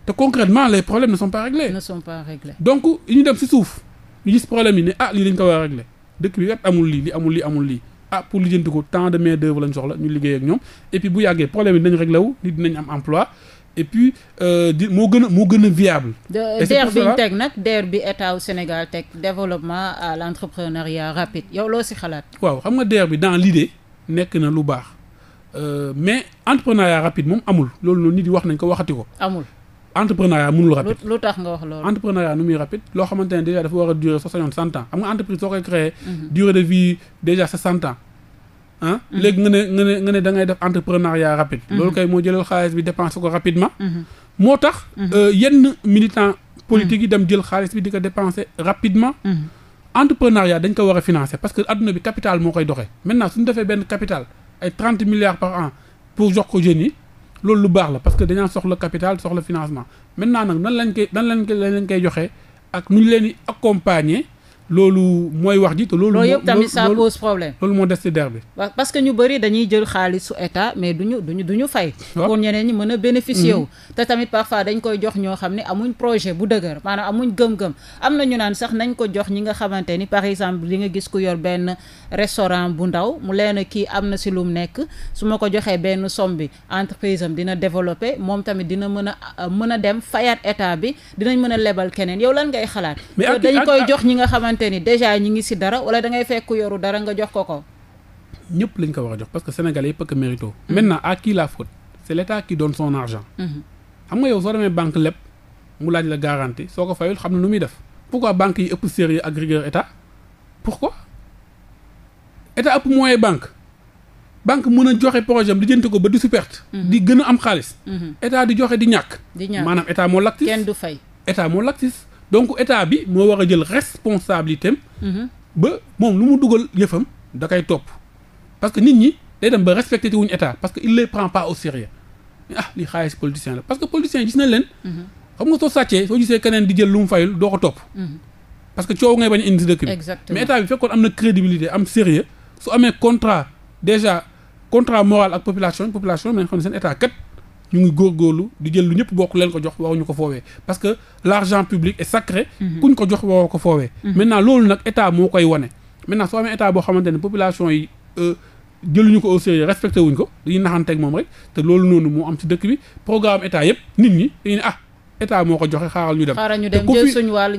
te concrètement les problèmes ne sont pas réglés. ne sont pas réglés. donc ñu dem si suuf ñu gis problème yi ne ah lii dañ ko war a régler dëkk bi yëpp amul lii li amul lii amul lii. ah pour lijjanti ko tant de main d'œuvre lañ soxla ñu liggéey ak ñoom et puis bu yàggee problème yi dinañ réglé wu nit dinañ am emploi et puis euh, moo gën a moo gën a viable. DER bi ñu teg nag DER bi état wu Sénégal teg développement à l' entrepreneuriat rapide yow loo si xalaat. waaw xam nga DER bi dans l' nekk na lu baax euh, mais entrepreneuriat rapide moom amul loolu noonu nit yi wax nañ ko waxati ko. amul entrepreneuriat mënul rapide. lu tax nga wax loolu. entrepreneuriat nu muy rapide loo xamante ne déjà dafa war a durer soixante cent ans xam nga entreprise soo koy créé. Mhm. durée de vie déjà soixante ans. Mhm. léegi nga ne nga ne nga ne da ngay def entrepreneuriat rapide. Mhm. loolu kay moo jëlal xaalis bi dépensé ko rapidement. moo tax euh, yenn militant politique yi dem jël xaalis bi di ko dépensé rapidement. entrepreneuriat dañ ko war a financer parce que adduna bi capital moo koy doxee maintenant suñu defee benn capital ay trente milliards par an loolu lu baax la parce que dañaa soxla capital soxla financement maintenant nag nan lañ koy nan lañ koy lañ koy joxe ak nu ñu leen di accompagner. loolu mooy wax ji te loolu. loolu yëpp tamit ça pose problème. loolu moo des ci der parce que ñu bëri dañuy jël xaalisu état mais duñu duñu duñu fay. pour ñeneen ñu mën a bénéficier wu. Mm-hmm. te tamit parfois dañ koy jox ñoo xam ne amuñ projet bu dëgër maanaam amuñ gëm-gëm am na ñu naan sax nañ ko jox ñi nga xamante ni par exemple li nga gis ku yor benn restaurant bu ndaw mu leen kii am na si lu mu nekk su ma ko joxee benn somme bi entreprise am dina développer moom tamit dina mën a mën a dem fayaat état bi dinañ mën a lebal keneen yow lan ngay xalaat. xamante ni déjà ngi si dara wala ngay fekk yoru dara nga jox ko ko. ñëpp lañ ko war a jox parce que sénégalais yëpp a ko mérito. Mm-hmm. maintenant à qui la faute c' est l' état qui donne son argent. Mm-hmm. xam nga yow soo demee banque lépp mu laaj la garantie soo ko fayul xam na nu muy def. pourquoi banque yi ëpp sérieux ak rigueur état pourquoi état ëpp moyen banque banque mun a joxe projet am di jënd ko ba di su mm-hmm. di gën am xaalis. état di joxe di ñàkk. di ñàkk maanaam état moo lactis. kenn du fay état moo donc état bi moo war a jël responsabilité am mhm. ba moom lu mu dugal yëfam da kay topp parce que nit ñi day dem ba respecté wuñu état parce que il les prend pas au sérieux mais ah li xaalis politicien la parce que politicien yi gis nañ leen mhm. xam nga soo sàccee soo gisee keneen di jël lu mu fayul doo ko topp mhm. parce que coow ngay bañ indi si dëkk bi mais état bi fekkoon am na crédibilité am sérieux su amee contrat déjà contrat moral ak population population bi nañ xam ne seen ñu ngi góor góorlu di jël lu ñëpp bokk leen ko jox ñu ko foowee parce que l'argent public est sacré mhm. kuñ ko jox waroo ko foowee mhm. maintenant loolu nag état moo koy wane maintenant soo amee état boo xamante ne population yi euh, jëluñu ko au sérieux respecté ko dañuy naxanteeg moom rek te loolu noonu moo am ci dëkk bi programme état yëpp nit ñi dañuy ne ah état moo ko joxe xaaral ñu dem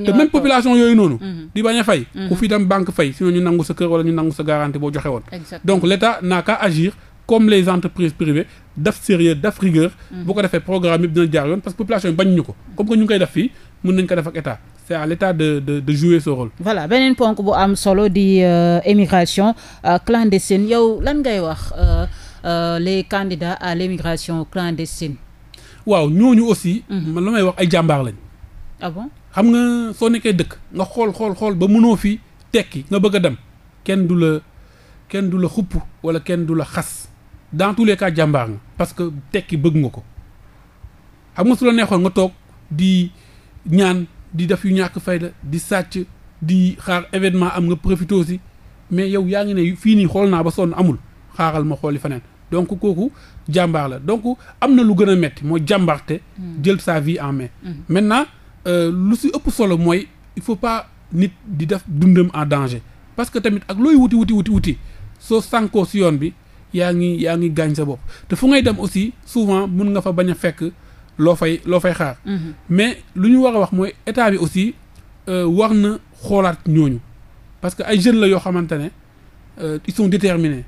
te même population yooyu noonu mhm. di bañ a fay ku fi dem banque fay sinon ñu nangu sa kër wala ñu nangu sa garantie boo joxe woon donc l'état n'a qu'à agir comme les entreprises privées daf sérieux daf rigueur mm-hmm. bu ko defee programme yëpp dina jaar yoon parce que population yi bañ ñu ko comme que ñu ngi koy def fii mën nañ ko def ak état c'est à l'état de jouer son rôle. voilà beneen ponk bu am solo di euh, émigration euh, clandestine yow lan ngay wax euh, les candidats à l'émigration clandestine. waaw ñooñu aussi. Mm-hmm. man la may wax ay jàmbaar lañ. ah xam nga soo nekkee dëkk nga xool xool xool ba munoo fii tekki nga bëgg a dem kenn du la du la xupp dans tous jàmbaar nga parce que tekki bëgg nga ko xam nga su la neexoon nga toog di ñaan di def yu ñàkk fayda di sàcc di xaar événement am nga profité aussi mais yow yaa ngi ne fii nii xool naa ba sonn amul xaaral ma xooli faneen donc kooku jàmbaar la donc am na lu gën a metti mooy jàmbaarte. Hmm. jël saa vie en main. Hmm. maintenant euh, lu si ëpp solo mooy il faut pas nit di def dundam en danger parce que tamit ak looy wuti wuti wuti wuti soo sànkoo si yoon bi. yaa ngi yaa ngi gaañ sa bopp te fu ngay dem aussi souvent mun nga fa bañ a fekk loo fay loo fay xaar. Mhm. mais lu ñu war a wax mooy état bi aussi euh, war na xoolaat ñooñu parce que ay jeunes la yoo xamante ne euh, ils sont déterminés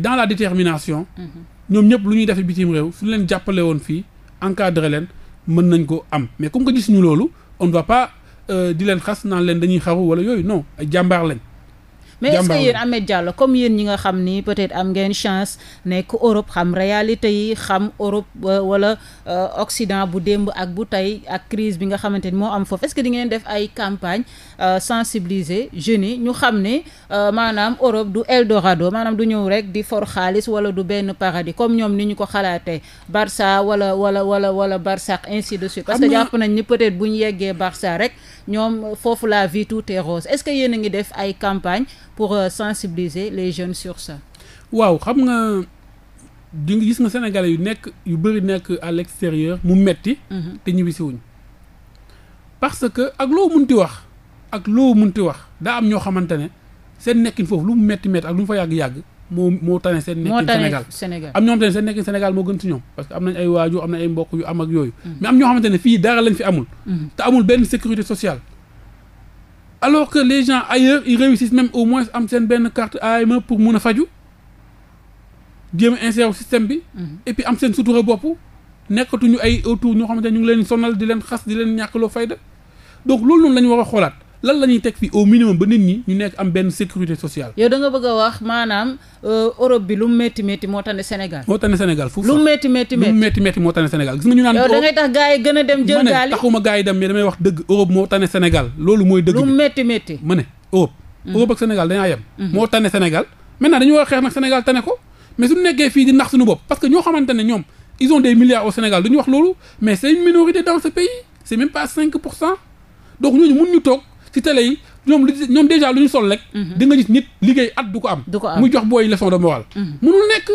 dans la détermination. Mhm. ñoom ñëpp lu ñuy defee bitim réew su leen jàppale woon fii encadré leen mën nañ ko am mais comme que gis loolu on ne va pas euh, di leen xas naan leen dañuy xaru wala yooyu non ay jàmbaar lañ. mais est-ce que yéen comme yéen ñi nga xam ni peut-être am ngeen chance nekk Europe xam réalité yi xam Europe euh, wala euh, Occident bu démb ak bu tey ak crise bi nga xamante ni moo am foofu est-ce que di ngeen def ay campagne euh, sensibiliser jeunes yi ñu xam ne maanaam Europe du Eldorado maanaam du ñëw rek di for xaalis wala du benn paradis comme ñoom ni ñu ko xalaatee Barça wala wala wala wala Barça ainsi de suite parce que jàpp nañ ni peut-être bu ñu yeggee Barça rek ñoom foofu la vie tout est rose est-ce que yéen a ngi def ay campagne pour euh, sensibiliser les jeunes sur ça. waaw xam nga di gis nga sénégalais yu nekk yu bëri nekk à l'extérieur mu metti mhm. te ñibbisi wuñ parce que ak loo mun ti wax ak loo mun ti wax daa am ñoo xamante ne seen nekkin foofu lu mu metti metti ak lu mu fa yàgg-yàgg moo moo tane seen nekkin Sénégal am ñoo xamante ne seen nekkin Sénégal moo gën ci ñoom parce que am nañ ay waajur am nañ ay mbokk yu am ak yooyu mm-hmm. mais am ñoo xamante ne fii dara lañ fi amul mm-hmm. amul benn sécurité sociale alors que les gens ailleurs au moins am seen benn carte AME pour mun a faju jéem a insérer système bi mm-hmm. et puis am seen sutura bopp nekkatuñu ay autour ñoo xamante ne ñu ngi leen sonal di leen xas di leen ñàkkaloo fayda donc loolu noonu la ñu war a xoolaat lan la ñuy teg fii au minimum ba nit ñi ñu nekk am benn sécurité sociale. yow da nga bëgg a wax maanaam euh, Europe bi lu métti métti moo tane ne moo tane Sénégal foofu lu métti métti métti lu métti moo tane Sénégal gis nga ñu naan. yow da ngay tax a dem jël gaal moo tane Sénégal loolu mooy. dëgg bi lu métti métti. ma ne Europe. Mm-hmm. Europe ak Sénégal dañaa yem. Mm-hmm. moo tane dañu war a xeex nag Sénégal tane ko mais suñu nekkee fii di nax suñu bopp parce que ñoo xamante ne ñoom ils ont des milliards au Sénégal duñu wax loolu mais c'est minorité dans ce pays c'est même pas pour cent donc ñooñu mun ñu toog ci télé yi ñoom lu déjà lu ñu sol rek. Mhm. di nga nit liggéey at du ko am. du ko am muy jox booy leçon de morale. mënul mhm. nekk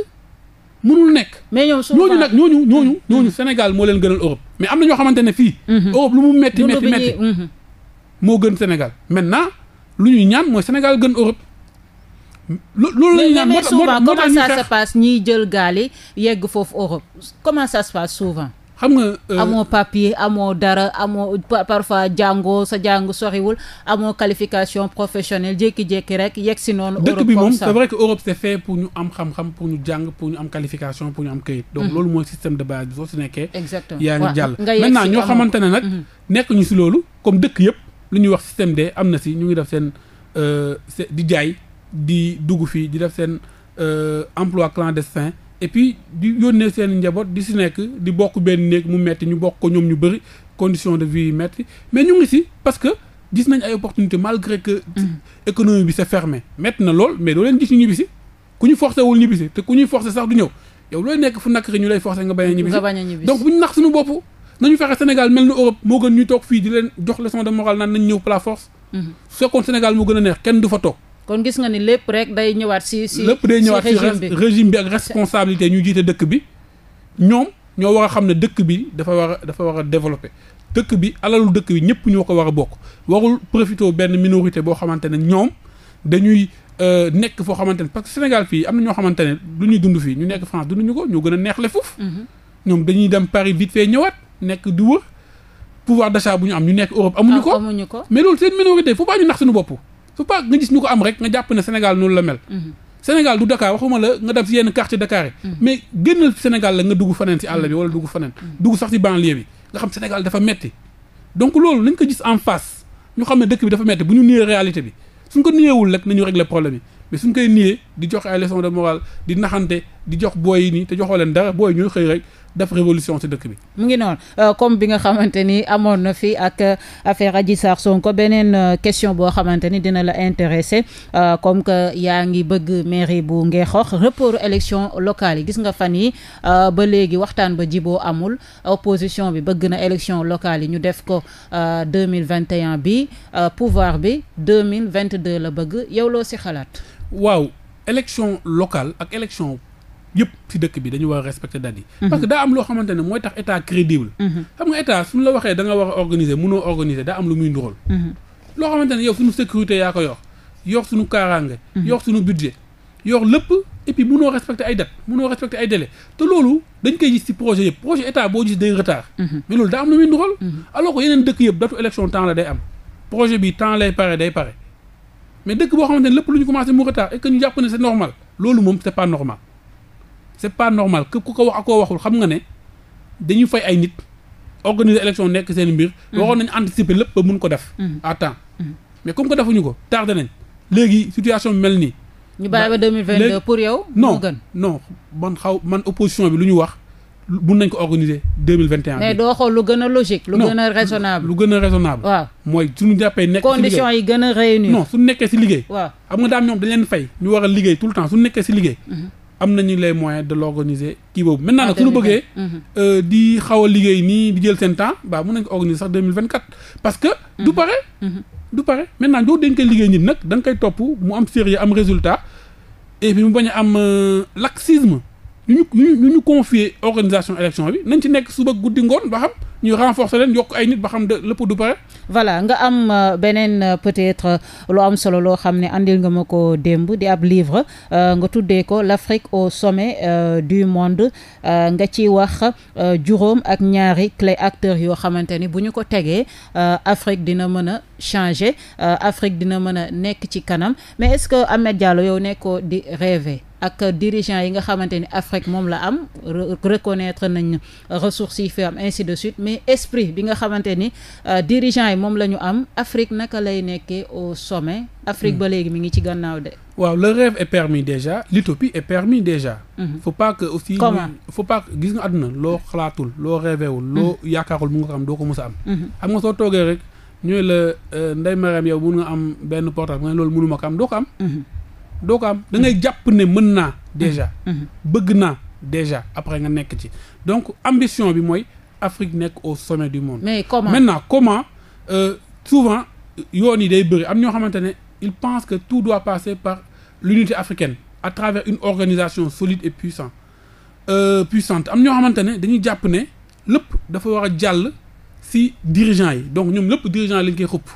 mënul nekk. mais ñoom souvent ñooñu nag ñooñu ñooñu. Mhm. ñooñu Sénégal moo leen gënal Europe. mais am na ñoo xamante ne fii. Europe lu mu metti metti metti moo gën Sénégal maintenant lu ñuy ñaan mooy Sénégal gën Europe. loolu la ñuy ñaan moo tax moo tax comment ça ñiy jël gaal yegg foofu Europe comment ça se xam nga. Euh, amoo papier amoo dara amoo parfois jàngoo sa jàng soriwul amoo qualification professionnelle jékki-jékki rek yegg si noonu. Europe dëkk bi moom c'est vrai que Europe c'est fait pour ñu am xam-xam pour ñu jàng pour ñu am qualification pour ñu am këyit. donc mm-hmm. loolu mooy système de base bi soo si nekkee. exactement yaa ngi jàll maintenant ñoo xamante ne nag. Mm-hmm. nekk si loolu comme dëkk yëpp lu ñuy wax système de am na si ñu ngi def seen euh, di jaay di dugg fii di def seen euh, emploi clandestin. et puis di yónnee seen njaboot di si nekk di bokk benn néeg mu metti ñu bokk ko ñoom ñu bëri condition de vie yi metti mais ñu ngi si parce que gis nañ ay opportunité malgré que mm-hmm. économie bi c'est fermé metti na lool mais doo leen gis ñu ñibbisi ku ñu forcé wul ñibbisi te ku ñuy forcé sax du ñëw yow looy nekk fu nakk ñu lay forcé nga bañ a ñibbisi donc bu ñu nax suñu bopp nañu fexe Sénégal mel ni Europe moo gën ñuy toog fii di leen jox leçon de morale naan nañ ñëw mm-hmm. Sénégal moo gën a kenn du fa kon gis nga ni lépp rek day ñëwaat si si lépp day ñëwaat si régime bi ak responsabilité ñu jiite dëkk bi ñoom ñoo war a xam ne dëkk bi dafa war dafa war a développé dëkk bi alalul dëkk bi ñëpp ñoo ko war a bokk warul profité benn minorité boo xamante ne ñoom dañuy euh, nekk foo xamante ne parce que Sénégal fii am na ñoo xamante ne lu ñuy dund fii ñu nekk France dunduñu ko ñoo gën a neexle foofu mhm. ñoom dañuy dem Paris vite fait ñëwaat nekk du wër pouvoir d'achat bu ñu nekk Europe amuñu ah, ko mais nax suñu bopp faut pas nga gis ñu ko am rek nga jàpp ne Sénégal noonu la mel. Mhm. Sénégal du Dakar waxuma la nga dem si yenn quartier Dakar yi. Mhm. mais génnal Sénégal la nga dugg faneen si àll bi mhm. wala dugg faneen. dugg sax si banlieue bi nga xam Sénégal dafa metti donc loolu nañ ko gis en face ñu xam ne dëkk bi dafa metti bu ñu nuyee réalité bi suñ ko nuyeewul rek nañu régler problème yi mais suñ koy nuyee di jox ay leçons de morale di naxante di jox booy nii te joxoo leen dara booy ñooy xëy rek def révolution ci dëkk bi. mu ngi noonu euh, comme bi nga xamante ni amoon na fi ak euh, affaire Adji Sarr Sonko beneen euh, question boo xamante ni dina la intéressé comme que yaa ngi bëgg mairie bu Ngexox report élection locale yi gis nga fan yi ba léegi waxtaan ba jiboo amul opposition bi bëgg na élection locale yi ñu def ko deux mille vingt et un bi pouvoir bi deux mille vingt deux la bëgg yow loo si xalaat. waaw élection locale ak élection. yëpp ci dëkk bi dañu war a respecter date yi mhm. parce que daa am loo xamante ne mooy tax état crédible mhm. xam nga état suñu la waxee da nga a organiser mënoo organiser daa am lu muy ndural mhm. loo xamante ne yow suñu sécurité yaa ko yor yor suñu kaaraange yor suñu budget yor lépp et puis mënoo respecter ay date mënoo respecter ay délai te loolu dañ koy gis ci projet yëpp projet état boo gis day retard mais loolu daa am lu muy ndural alors que yeneen dëkk yëpp datu élection temps la day bi temps lay pare day pare mais dëkk ne lépp lu ñu commencé mu loolu moom c'est c'est pas normal que ku ko wax ak koo waxul xam nga ne dañu fay ay nit organiser élection nekk seen mbir. Mhm. waroon nañu anticiper lépp ba ko def. Mhm. temps mhm. mais comme que defuñu ko tardé nañ léegi situation mel nii. ñu bàyyi ba 2022 pour yow. non non man xaw man opposition bi lu ñu wax mun nañ ko organiser 2021. mais doo xool lu gën a logique. lu gën a raisonnable lu gën a raisonnable. mooy suñu jàppee nekk. ci liggéey conditions yi gën a réunir. non suñu nekkee si liggéey. waaw xam nga daam ñoom dañ leen fay. ñu war a liggéey tout le temps suñu nekkee si liggéey. am nañu les moyens de l'organiser kii boobu maintenant nag suñu bëggee mhm. euh, di xaw a liggéey nii di jël seen temps baa mën nañ ko organiser sax 2024 parce que du mhm. pare mhm. du pare maintenant doo dañ koy liggéey nit nag da nga koy topp mu am sérieux am résultat et puis mu bañ a am euh, laxisme ñu ñu ñu ñu confier organisation élection bi nañ ci nekk suba guddi ngoon ba xam ñu renforcer leen yokk ay nit ba xam de lépp du pare. voilà nga am euh, beneen euh, peut-être euh, loo am solo loo xam ne andil nga ma ko démb di ab livre nga tuddee ko l'Afrique au sommet du monde nga ci wax juróom ak ñaari clé acteurs yoo xamante ni bu ñu ko tegee Afrique dina mën a changer Afrique dina mën a nekk ci kanam mais est-ce que Ahmed Diallo yow nekkoo di rêver. ak dirigeants yi nga xamante ni Afrique moom la am reconnaître nañ ressources yi fi am ainsi de suite mais esprit bi nga xamante ni euh, dirigeants yi moom la ñu am Afrique naka lay nekkee au sommet Afrique ba hmm. léegi mu ngi ci gannaaw de waaw le rêve est permis déjà l'utopie est permis déjà hmm. faut pas que aussi faut pas que gis nga àdduna loo xalaatul loo rêvewul hmm. loo yaakaarul mu nga xam doo ko mës a am xam nga soo toogee rek ñooy la euh, Ndeye Mariam yow mun am benn portable loolu mënuma ko am doo am doo ko am da ngay jàpp ne mën naa déjà mm-hmm. Mm-hmm. bëgg naa déjà après nga nekk ci donc ambition bi mooy Afrique nekk au sommet du monde mais comme maintenant comment euh, yoon yi day bëri am ñoo xamante ne ils pensent que tout doit passer par l'unité africaine à travers une organisation solide et puissante euh, puissante am ñoo xamante ne dañuy jàpp ne lépp dafa war a jàll si dirigeants yi donc ñoom lépp dirigeants yi lañ koy xëpp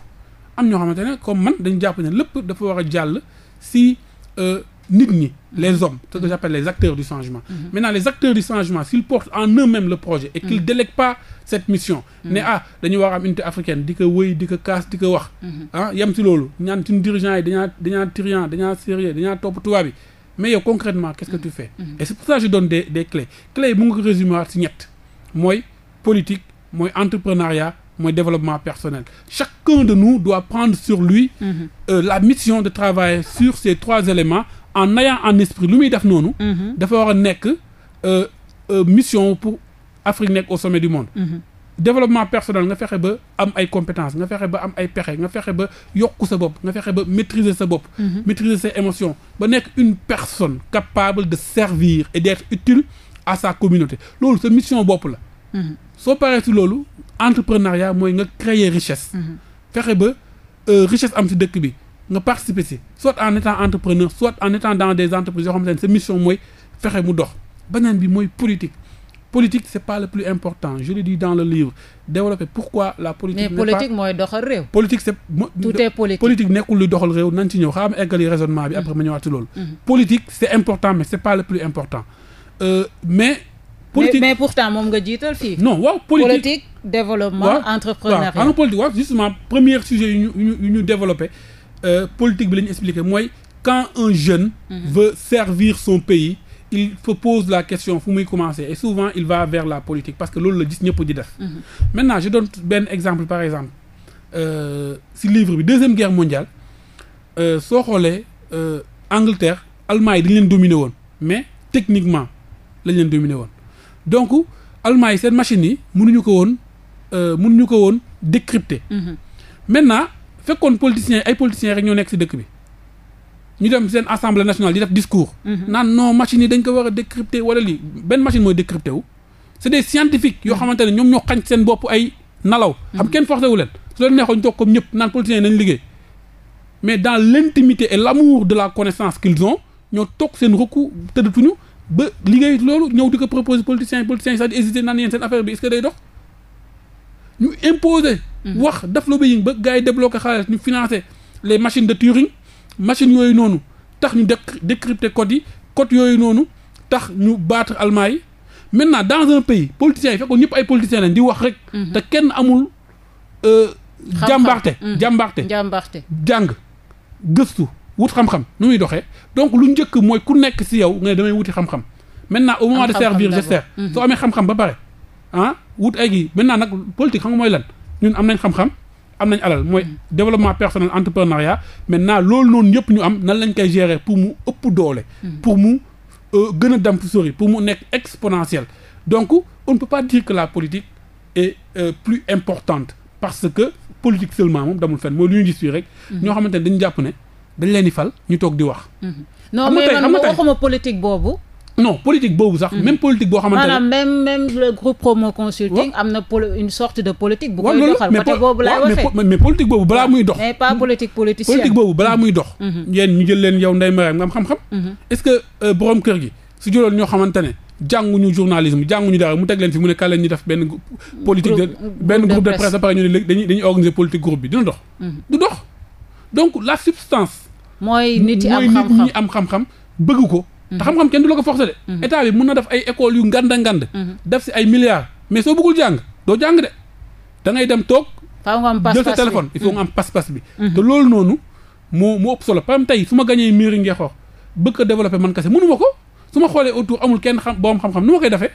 am ñoo xamante ne comme man dañu jàpp ne lépp dafa war a jàll si Euh, nit ñi les hommes ce que j'appelle les acteurs du changement mm-hmm. maintenant les acteurs du changement s'ils portent en eux-mêmes le projet et qu'ils mm-hmm. délèguent pas cette mission mm-hmm. ne ah dañu war am unité africaine di ko wëy di ko kaas di ko wax ah si loolu ñaan suñu dirigeants yi dañaa dañaa triant dañaa sérieux dañaa topp tubaab bi mais yow concrètement qu'est-ce que tu fais et c'est pour ça je donne des clés clés yi mu nga ko résumer waat ñett mooy politique mooy entrepreneuriat mooy développement personnel chacun de nous doit prendre sur lui mhm. euh, la mission de travailler sur ces trois éléments en ayant en esprit lu muy def noonu mhm. dafa war a nekk euh, euh, mission pour Afrique nekk au sommet du monde mhm. développement personnel nga fexe ba am ay compétence nga fexe ba am ay pexe nga fexe ba yokku sa bopp nga fexe ba maitriser sa bopp maîtriser ses émotions ba nekk une personne capable de servir et d'être utile à sa communauté loolu sa mission bopp la entrepreneuriat mooy nga créer richesse. Mm-hmm. fexe ba euh, richesse am ci dëkk bi nga participer ci soit en étant entrepreneur soit en étant dans des entreprises yoo xamante ne sa mission mooy fexe mu dox. beneen bi mooy politique politique c'est pas le plus important je le dis dans le livre développer pourquoi la politique. mais politique mooy doxal réew. politique c'est tout est politique politique nekkul luy doxal réew nañ ci ñëw xaaral ma eggali raisonnement bi après ma ñëwaat ci loolu. Mm-hmm. politique c'est important politique mais, mais moom nga jiital fii. non waaw politique politique développement. waaw entrepreneuriat waaw politique justement premier sujet yu ñu yu ñu développé euh, politique la ñu expliqué mooy quand un jeune. Mhm. veut servir son pays. il se pose la question fu muy commencer et souvent il va vers la politique parce que loolu la gis ñëpp di def. Mhm. maintenant je donne benn exemple par exemple euh, si livre bi deuxième guerre mondiale euh, soo xoolee euh, Angleterre Allemagne dañ leen dominer woon mais techniquement lañ leen dominer woon. donc allemand yi seen machines yi mënuñu ko woon euh, munuñu ko woon décrypter. Mhm. maintenant fekkoon politiciens ay politiciens rek ñoo nekk si dëkk bi ñu dem seen assemblée nationale di def discours. Mhm. naan non machine yi dañ ko war a décrypter wala lii benn machine mooy décrypter wu. c' est yoo mhm. xamante ne ñoom ñoo xañ seen bopp ay nalaw. xam kenn forcé wu leen su leen neexoon ñu toog comme ñëpp naan politiciens yi nañ liggéey mais dans l' intimité et l' de la connaissance qu' ils ont ñoo toog seen rëkku tëddatuñu ba liggéey loolu ñëw di ko proposer politiciens yi politiciens yi sax di hésiter naan yéen seen affaire bi est-ce que day dox ñu imposer. Mm. wax daf lobbying ba gars yi débloqué xaalis ñu financer les machines de Turing machine yooyu noonu tax ñu décrypter code yi code yooyu noonu tax ñu baat Allemagne yi maintenant dans un pays politiciens yi fekkoon ñëpp ay politiciens lañ di wax rek. Mm-hmm. te kenn amul. Euh, jàmbarte mm. jàmbarte jàng gëstu. wut xam-xam nu muy doxee donc lu njëkk mooy ku nekk si yow nga ne damay wuti xam-xam maintenant au moment de servir je sers mhm. soo amee xam-xam ba pare ah wut ay gi maintenant nag politique xam mooy lan ñun am nañ xam-xam am nañ alal mooy mhm. développement personnel entrepreneuriat maintenant loolu noonu yëpp ñu am nan lañ koy gérer pour mu ëpp doole mhm. pour mu euh, gën a dem sori pour mu nekk exponentiel donc on ne peut pas dire que la politique est euh, plus importante parce que politique seulement moom damul fenn mooy lu ñu gis rek ñoo xamante ne dañu jàpp ne dañ leen di fal ñu toog di wax. Mhm. non mais man waxuma politique boobu. non politique boobu sax. Mhm. même politique boo xamante ne maanaam même même le groupe promo consulting. am na une sorte de politique. bu koy doxal côté boobu laay waxee mais politique boobu balaa muy dox. mais pas politique politicienne. politique boobu balaa muy dox. Mhm. yéen ñu jël leen yow Ndeye Mariam nga xam-xam. est-ce que euh, borom kër gi su jëloon ñoo xamante jànguñu journalisme jànguñu dara mu teg leen fi mu ne kaleen ñu def benn. politique de benn groupe de presse après ñu ne dañuy dañuy organiser politique groupe bi dina dox. du dox donc la substance. mooy nit yi am xam ñi am xam-xam bëgg ko. Mhm. te xam-xam kenn du la ko forcer de. Mhm. état bi mun na def ay écoles yu nganda ngand. Mhm. def si ay milliards mais soo bëggul jàng doo jàng de da ngay dem toog. faaw nga am pas-pas am pas-pas te loolu noonu moo moo ëpp solo par exemple tey su ma gañee mairie Ngexoox bëgg ko développer man kese mënu ma ko su ma xoolee autour amul kenn xam boom xam-xam nu ma koy defee.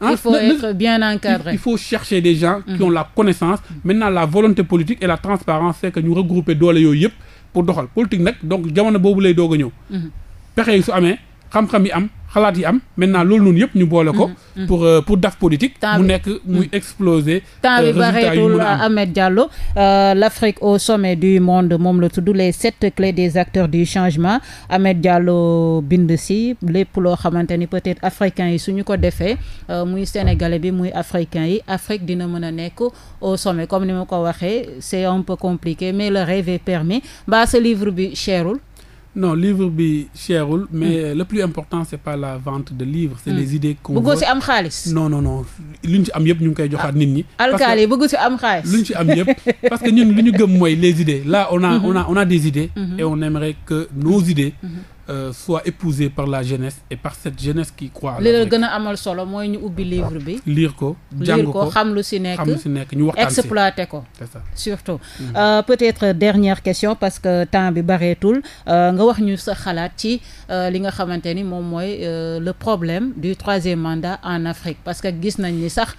Ah, il faut être bien encadré il faut chercher des gens. qui ont la connaissance maintenant la volonté politique et la transparence c'est ñu regrouper doole yooyu yëpp. pour doxal politique nag donc jamono boobu lay doog a ñëw. Mhm. pexe yi su amee xam-xam yi am xalaat yi am maintenant loolu noonu yëpp ñu boole ko. Mm-hmm. Mm-hmm. pour euh, pour daf politique. mu nekk muy mm-hmm. exploser. temps bi euh, bareetul Ahmed Diallo euh, l'Afrique au sommet du monde moom la du les sept clés des acteurs du changement Ahmed Diallo bind si lépp loo xamante ni peut-être africain yi su ñu ko defee muy sénégalais bi muy africain yi Afrique dina mën a nekk au sommet comme ni ma ko waxee c'est un peu compliqué mais le rêve est permis mbaa sa livre bi cherul. non livre bi cherul mais hmm. le plus important c'est pas la vente de livres c'est hmm. les idées qu'on bëggoo si am xaalis non non non lu ñu si am yëpp ñu ngi koy joxaat ah, nit ñi alkaali yi bëggu si am xaalis lu ñu si am yëpp parce que ñun li ñu gëm mooy les idées là on a hmm. on a on a des idées et on aimerait que nos idées Euh, soit épousé par la jeunesse et par cette jeunesse qui croit. gën amal solo mooy ñu ubbi livre bi. lire ko jàng ko xam lu si nekk xam si nekk ñu waxtaan si exploité ko. c'est ça surtout. Mm-hmm. Euh, peut-être dernière question parce que temps bi bareetul euh, nga wax ñu sa xalaat ci li nga xamante ni moom mooy le problème du troisième mandat en Afrique parce que gis nañ ni sax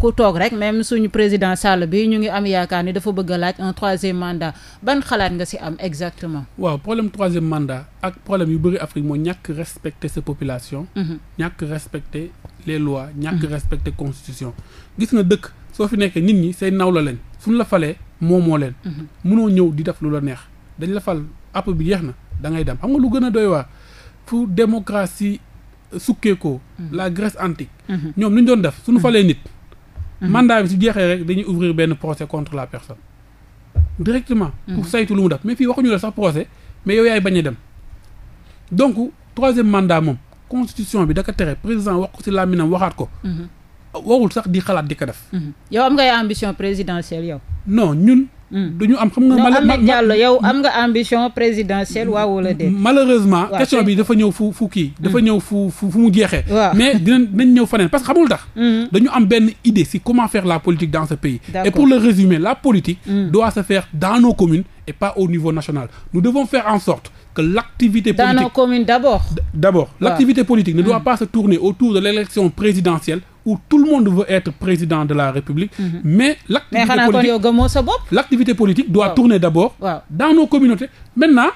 ku toog rek même suñu président Sall bi ñu ngi am yaakaar ni dafa bëgg a laaj en troisième mandat ban xalaat nga si am exactement. waaw problème ak problème yu bëri Afrique mooy ñàkk respecter sa population. Mhm. ñàkk respecter les lois. ñàkk mhm. respecter constitution. gis na dëkk soo fi nekkee nit ñi say naw la leen suñ la falee moomoo leen. mënoo mhm. ñëw di def lu la neex dañ la fal app bi jeex na da ngay dem xam nga lu gën a doy waa fu démocratie euh, sukkeekoo. la Grèce antique. ñoom lu ñu doon def suñu falee nit. mandat bi si jeexee rek dañuy ouvrir benn procès contre la personne. directement. pour saytu lu mu def mais a dem. donc troisième mandat moom constitution bi da ko tere président wax ko ci làmminam waxaat ko. Mhm. warul sax di xalaat di ko def. Mhm. yow am ngay ambition présidentielle yow. non ñun. Mhm. du ñu am xam nga. non Ahmed Diallo yow am nga ambition présidentielle waaw wala déet. malheureusement question bi dafa ñëw fu fu kii. dafa ñëw fu fu fu mu jeexee. mais dinañ dinañ ñëw faneen parce que xamul tax. dañu am benn idée si comment faire la politique dans ce pays. et pour le résumer la politique. doit se faire dans nos communes et pas au niveau national nous devons faire en sorte. que l'activité politique dans nos communes d'abord d'abord ouais. l'activité politique ne mmh. doit mm. pas se tourner autour de l'élection présidentielle où tout le monde veut être président de la République mmh. mais l'activité politique mais xanaa kon yow doit tourner d'abord dans nos communautés maintenant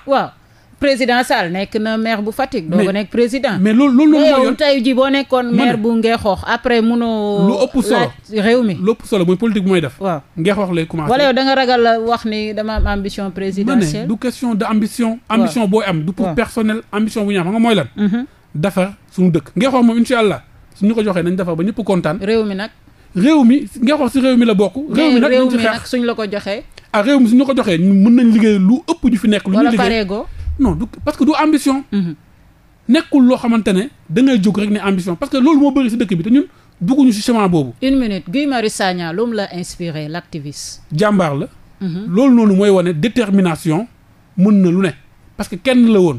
président Sall nekk na maire bu Fatick. doo ko nekk président. mais loolu loolu mooy yow tey jii boo nekkoon maire bu Ngexoox après munoo. lu ëpp solo réew mi lu ëpp solo mooy politique bu may def. waaw Ngexoox lay commencé. wala yow da nga ragal wax ni dama am ambition présidentielle. du question de ambition. ambition booy am du pour personnel ambition bu ñu am xam nga mooy lan. Mhm. defar suñu dëkk. Ngexoox moom incha allah suñu ko joxee nañ defar ba ñëpp kontaan. réew mi nag. réew mi Ngexoox si réew mi la bokk. réew mi nag suñ la ko joxee. ah réew mi suñu ko joxee mën nañ liggéey lu ëpp ñu fi nekk. lu ñu liggéey wala pareego non du parce que du ambition. Mhm. nekkul loo xamante ne da jóg rek ne ambition parce que loolu moo si dëkk bi te ñun dugguñu si boobu. une minute Guy Marius Sagna lu mu la inspiré l'activiste. jàmbaar la. Mhm. loolu noonu mooy wane détermination mën na lu ne parce que kenn la woon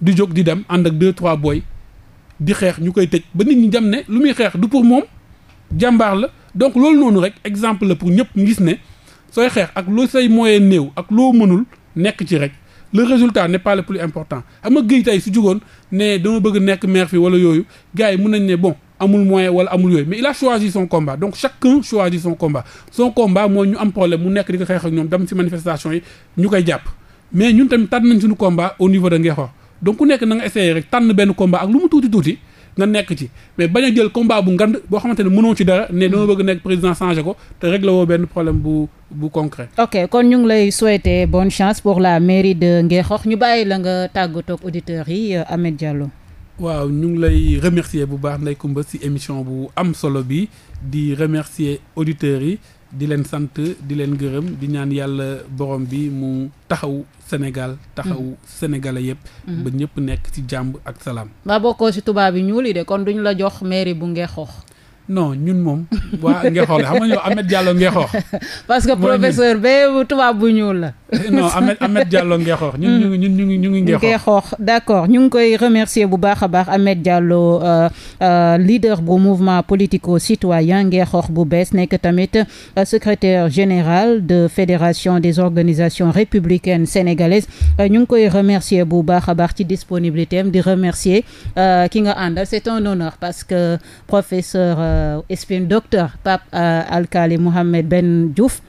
di jóg di dem ànd ak deux trois boy di xeex ñu koy tëj ba nit ñu jam ne lu muy xeex du pour moom jàmbaar la donc loolu noonu rek exemple la pour ñëpp ngis ne sooy xeex ak loo say moyen néew ak loo mënul nekk ci rek le résultat n'est pas le plus important am na tey su jugoon ne dama bëgg nekk maire fii wala yooyu gars yi mun nañ ne bon amul moyen wala amul yooyu mais il a son combat donc chacun choisit son combat son combat mooy ñu am problème mu nekk di ko xeex ak ñoom dem ci manifestation yi ñu koy jàpp mais ñun tamit tànn nañ suñu combat au niveau de Ngexoox donc ku nekk na nga essayé rek tànn benn combat ak lu mu tuuti tuuti nga nekk ci mais bañ a jël combat bu ngand boo xamante ne mënoo ci dara ne dama bëgg nekk président changé ko te réglé woo benn problème bu bu concret ok kon ñu ngi lay souhaiter bonne chance pour la mairie de Nguékokh ñu bàyyi la nga tàggatoog auditeurs yi euh, Ahmed Diallo waaw ñu ngi lay remercier bu baax Ndeye Comba si émission bu am solo bi di remercier auditeurs yi di leen sant di leen gërëm di naan yàlla borom bi mu taxaw Sénégal taxaw mm. Sénégalais yëpp. Mm. ba ñëpp nekk ci jàmm ak salaam. ba bokkoo ci tubaab yi ñuul yi de kon duñ la jox mairie bu Ngexoox. non ñun moom waa Ngexoox xam nga yow parce que professeur bee tubaab bu ñuul la. Eh, non Ahmed Ahmed Diallo Ngexoox. ñun ñu ngi ñun ñu ngi ñu ngi d'accord ñu ngi koy remercier bu baax a baax Ahmed Diallo euh, euh, leader bu mouvement politico-citoyen xoox bu bees nekk tamit euh, secrétaire général de fédération des organisations républicaines sénégalaises ñu koy remercier bu baax a baax ci disponibilité am di remercier ki nga àndal c'est un honneur parce que professeur. Euh, SPN docteur Pape euh, Alkali Mohamed Ben Diouf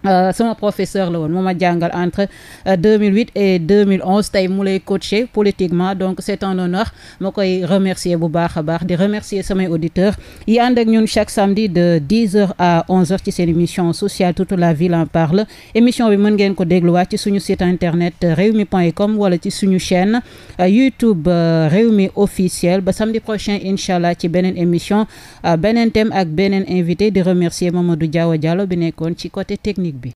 Uh, sama professeur la woon moo ma jàngal entre uh, 2008 et 2011 tey mu lay coacher politiquement donc c'est un honneur ma koy remercier bu baax a baax di remercier samay auditeurs yi ànd ak ñun chaque samedi de 10 à 11 ci seen émission sociale toute la ville en parle émission bi mën ngeen ko dégluwaat ci suñu site internet euh, comme wala ci suñu chaîne uh, YouTube euh, Rewmi officiel ba samedi prochain incha allah ci beneen émission euh, beneen thème ak beneen invité di remercier Mamadou Diawa Diallo bi nekkoon ci côté technique.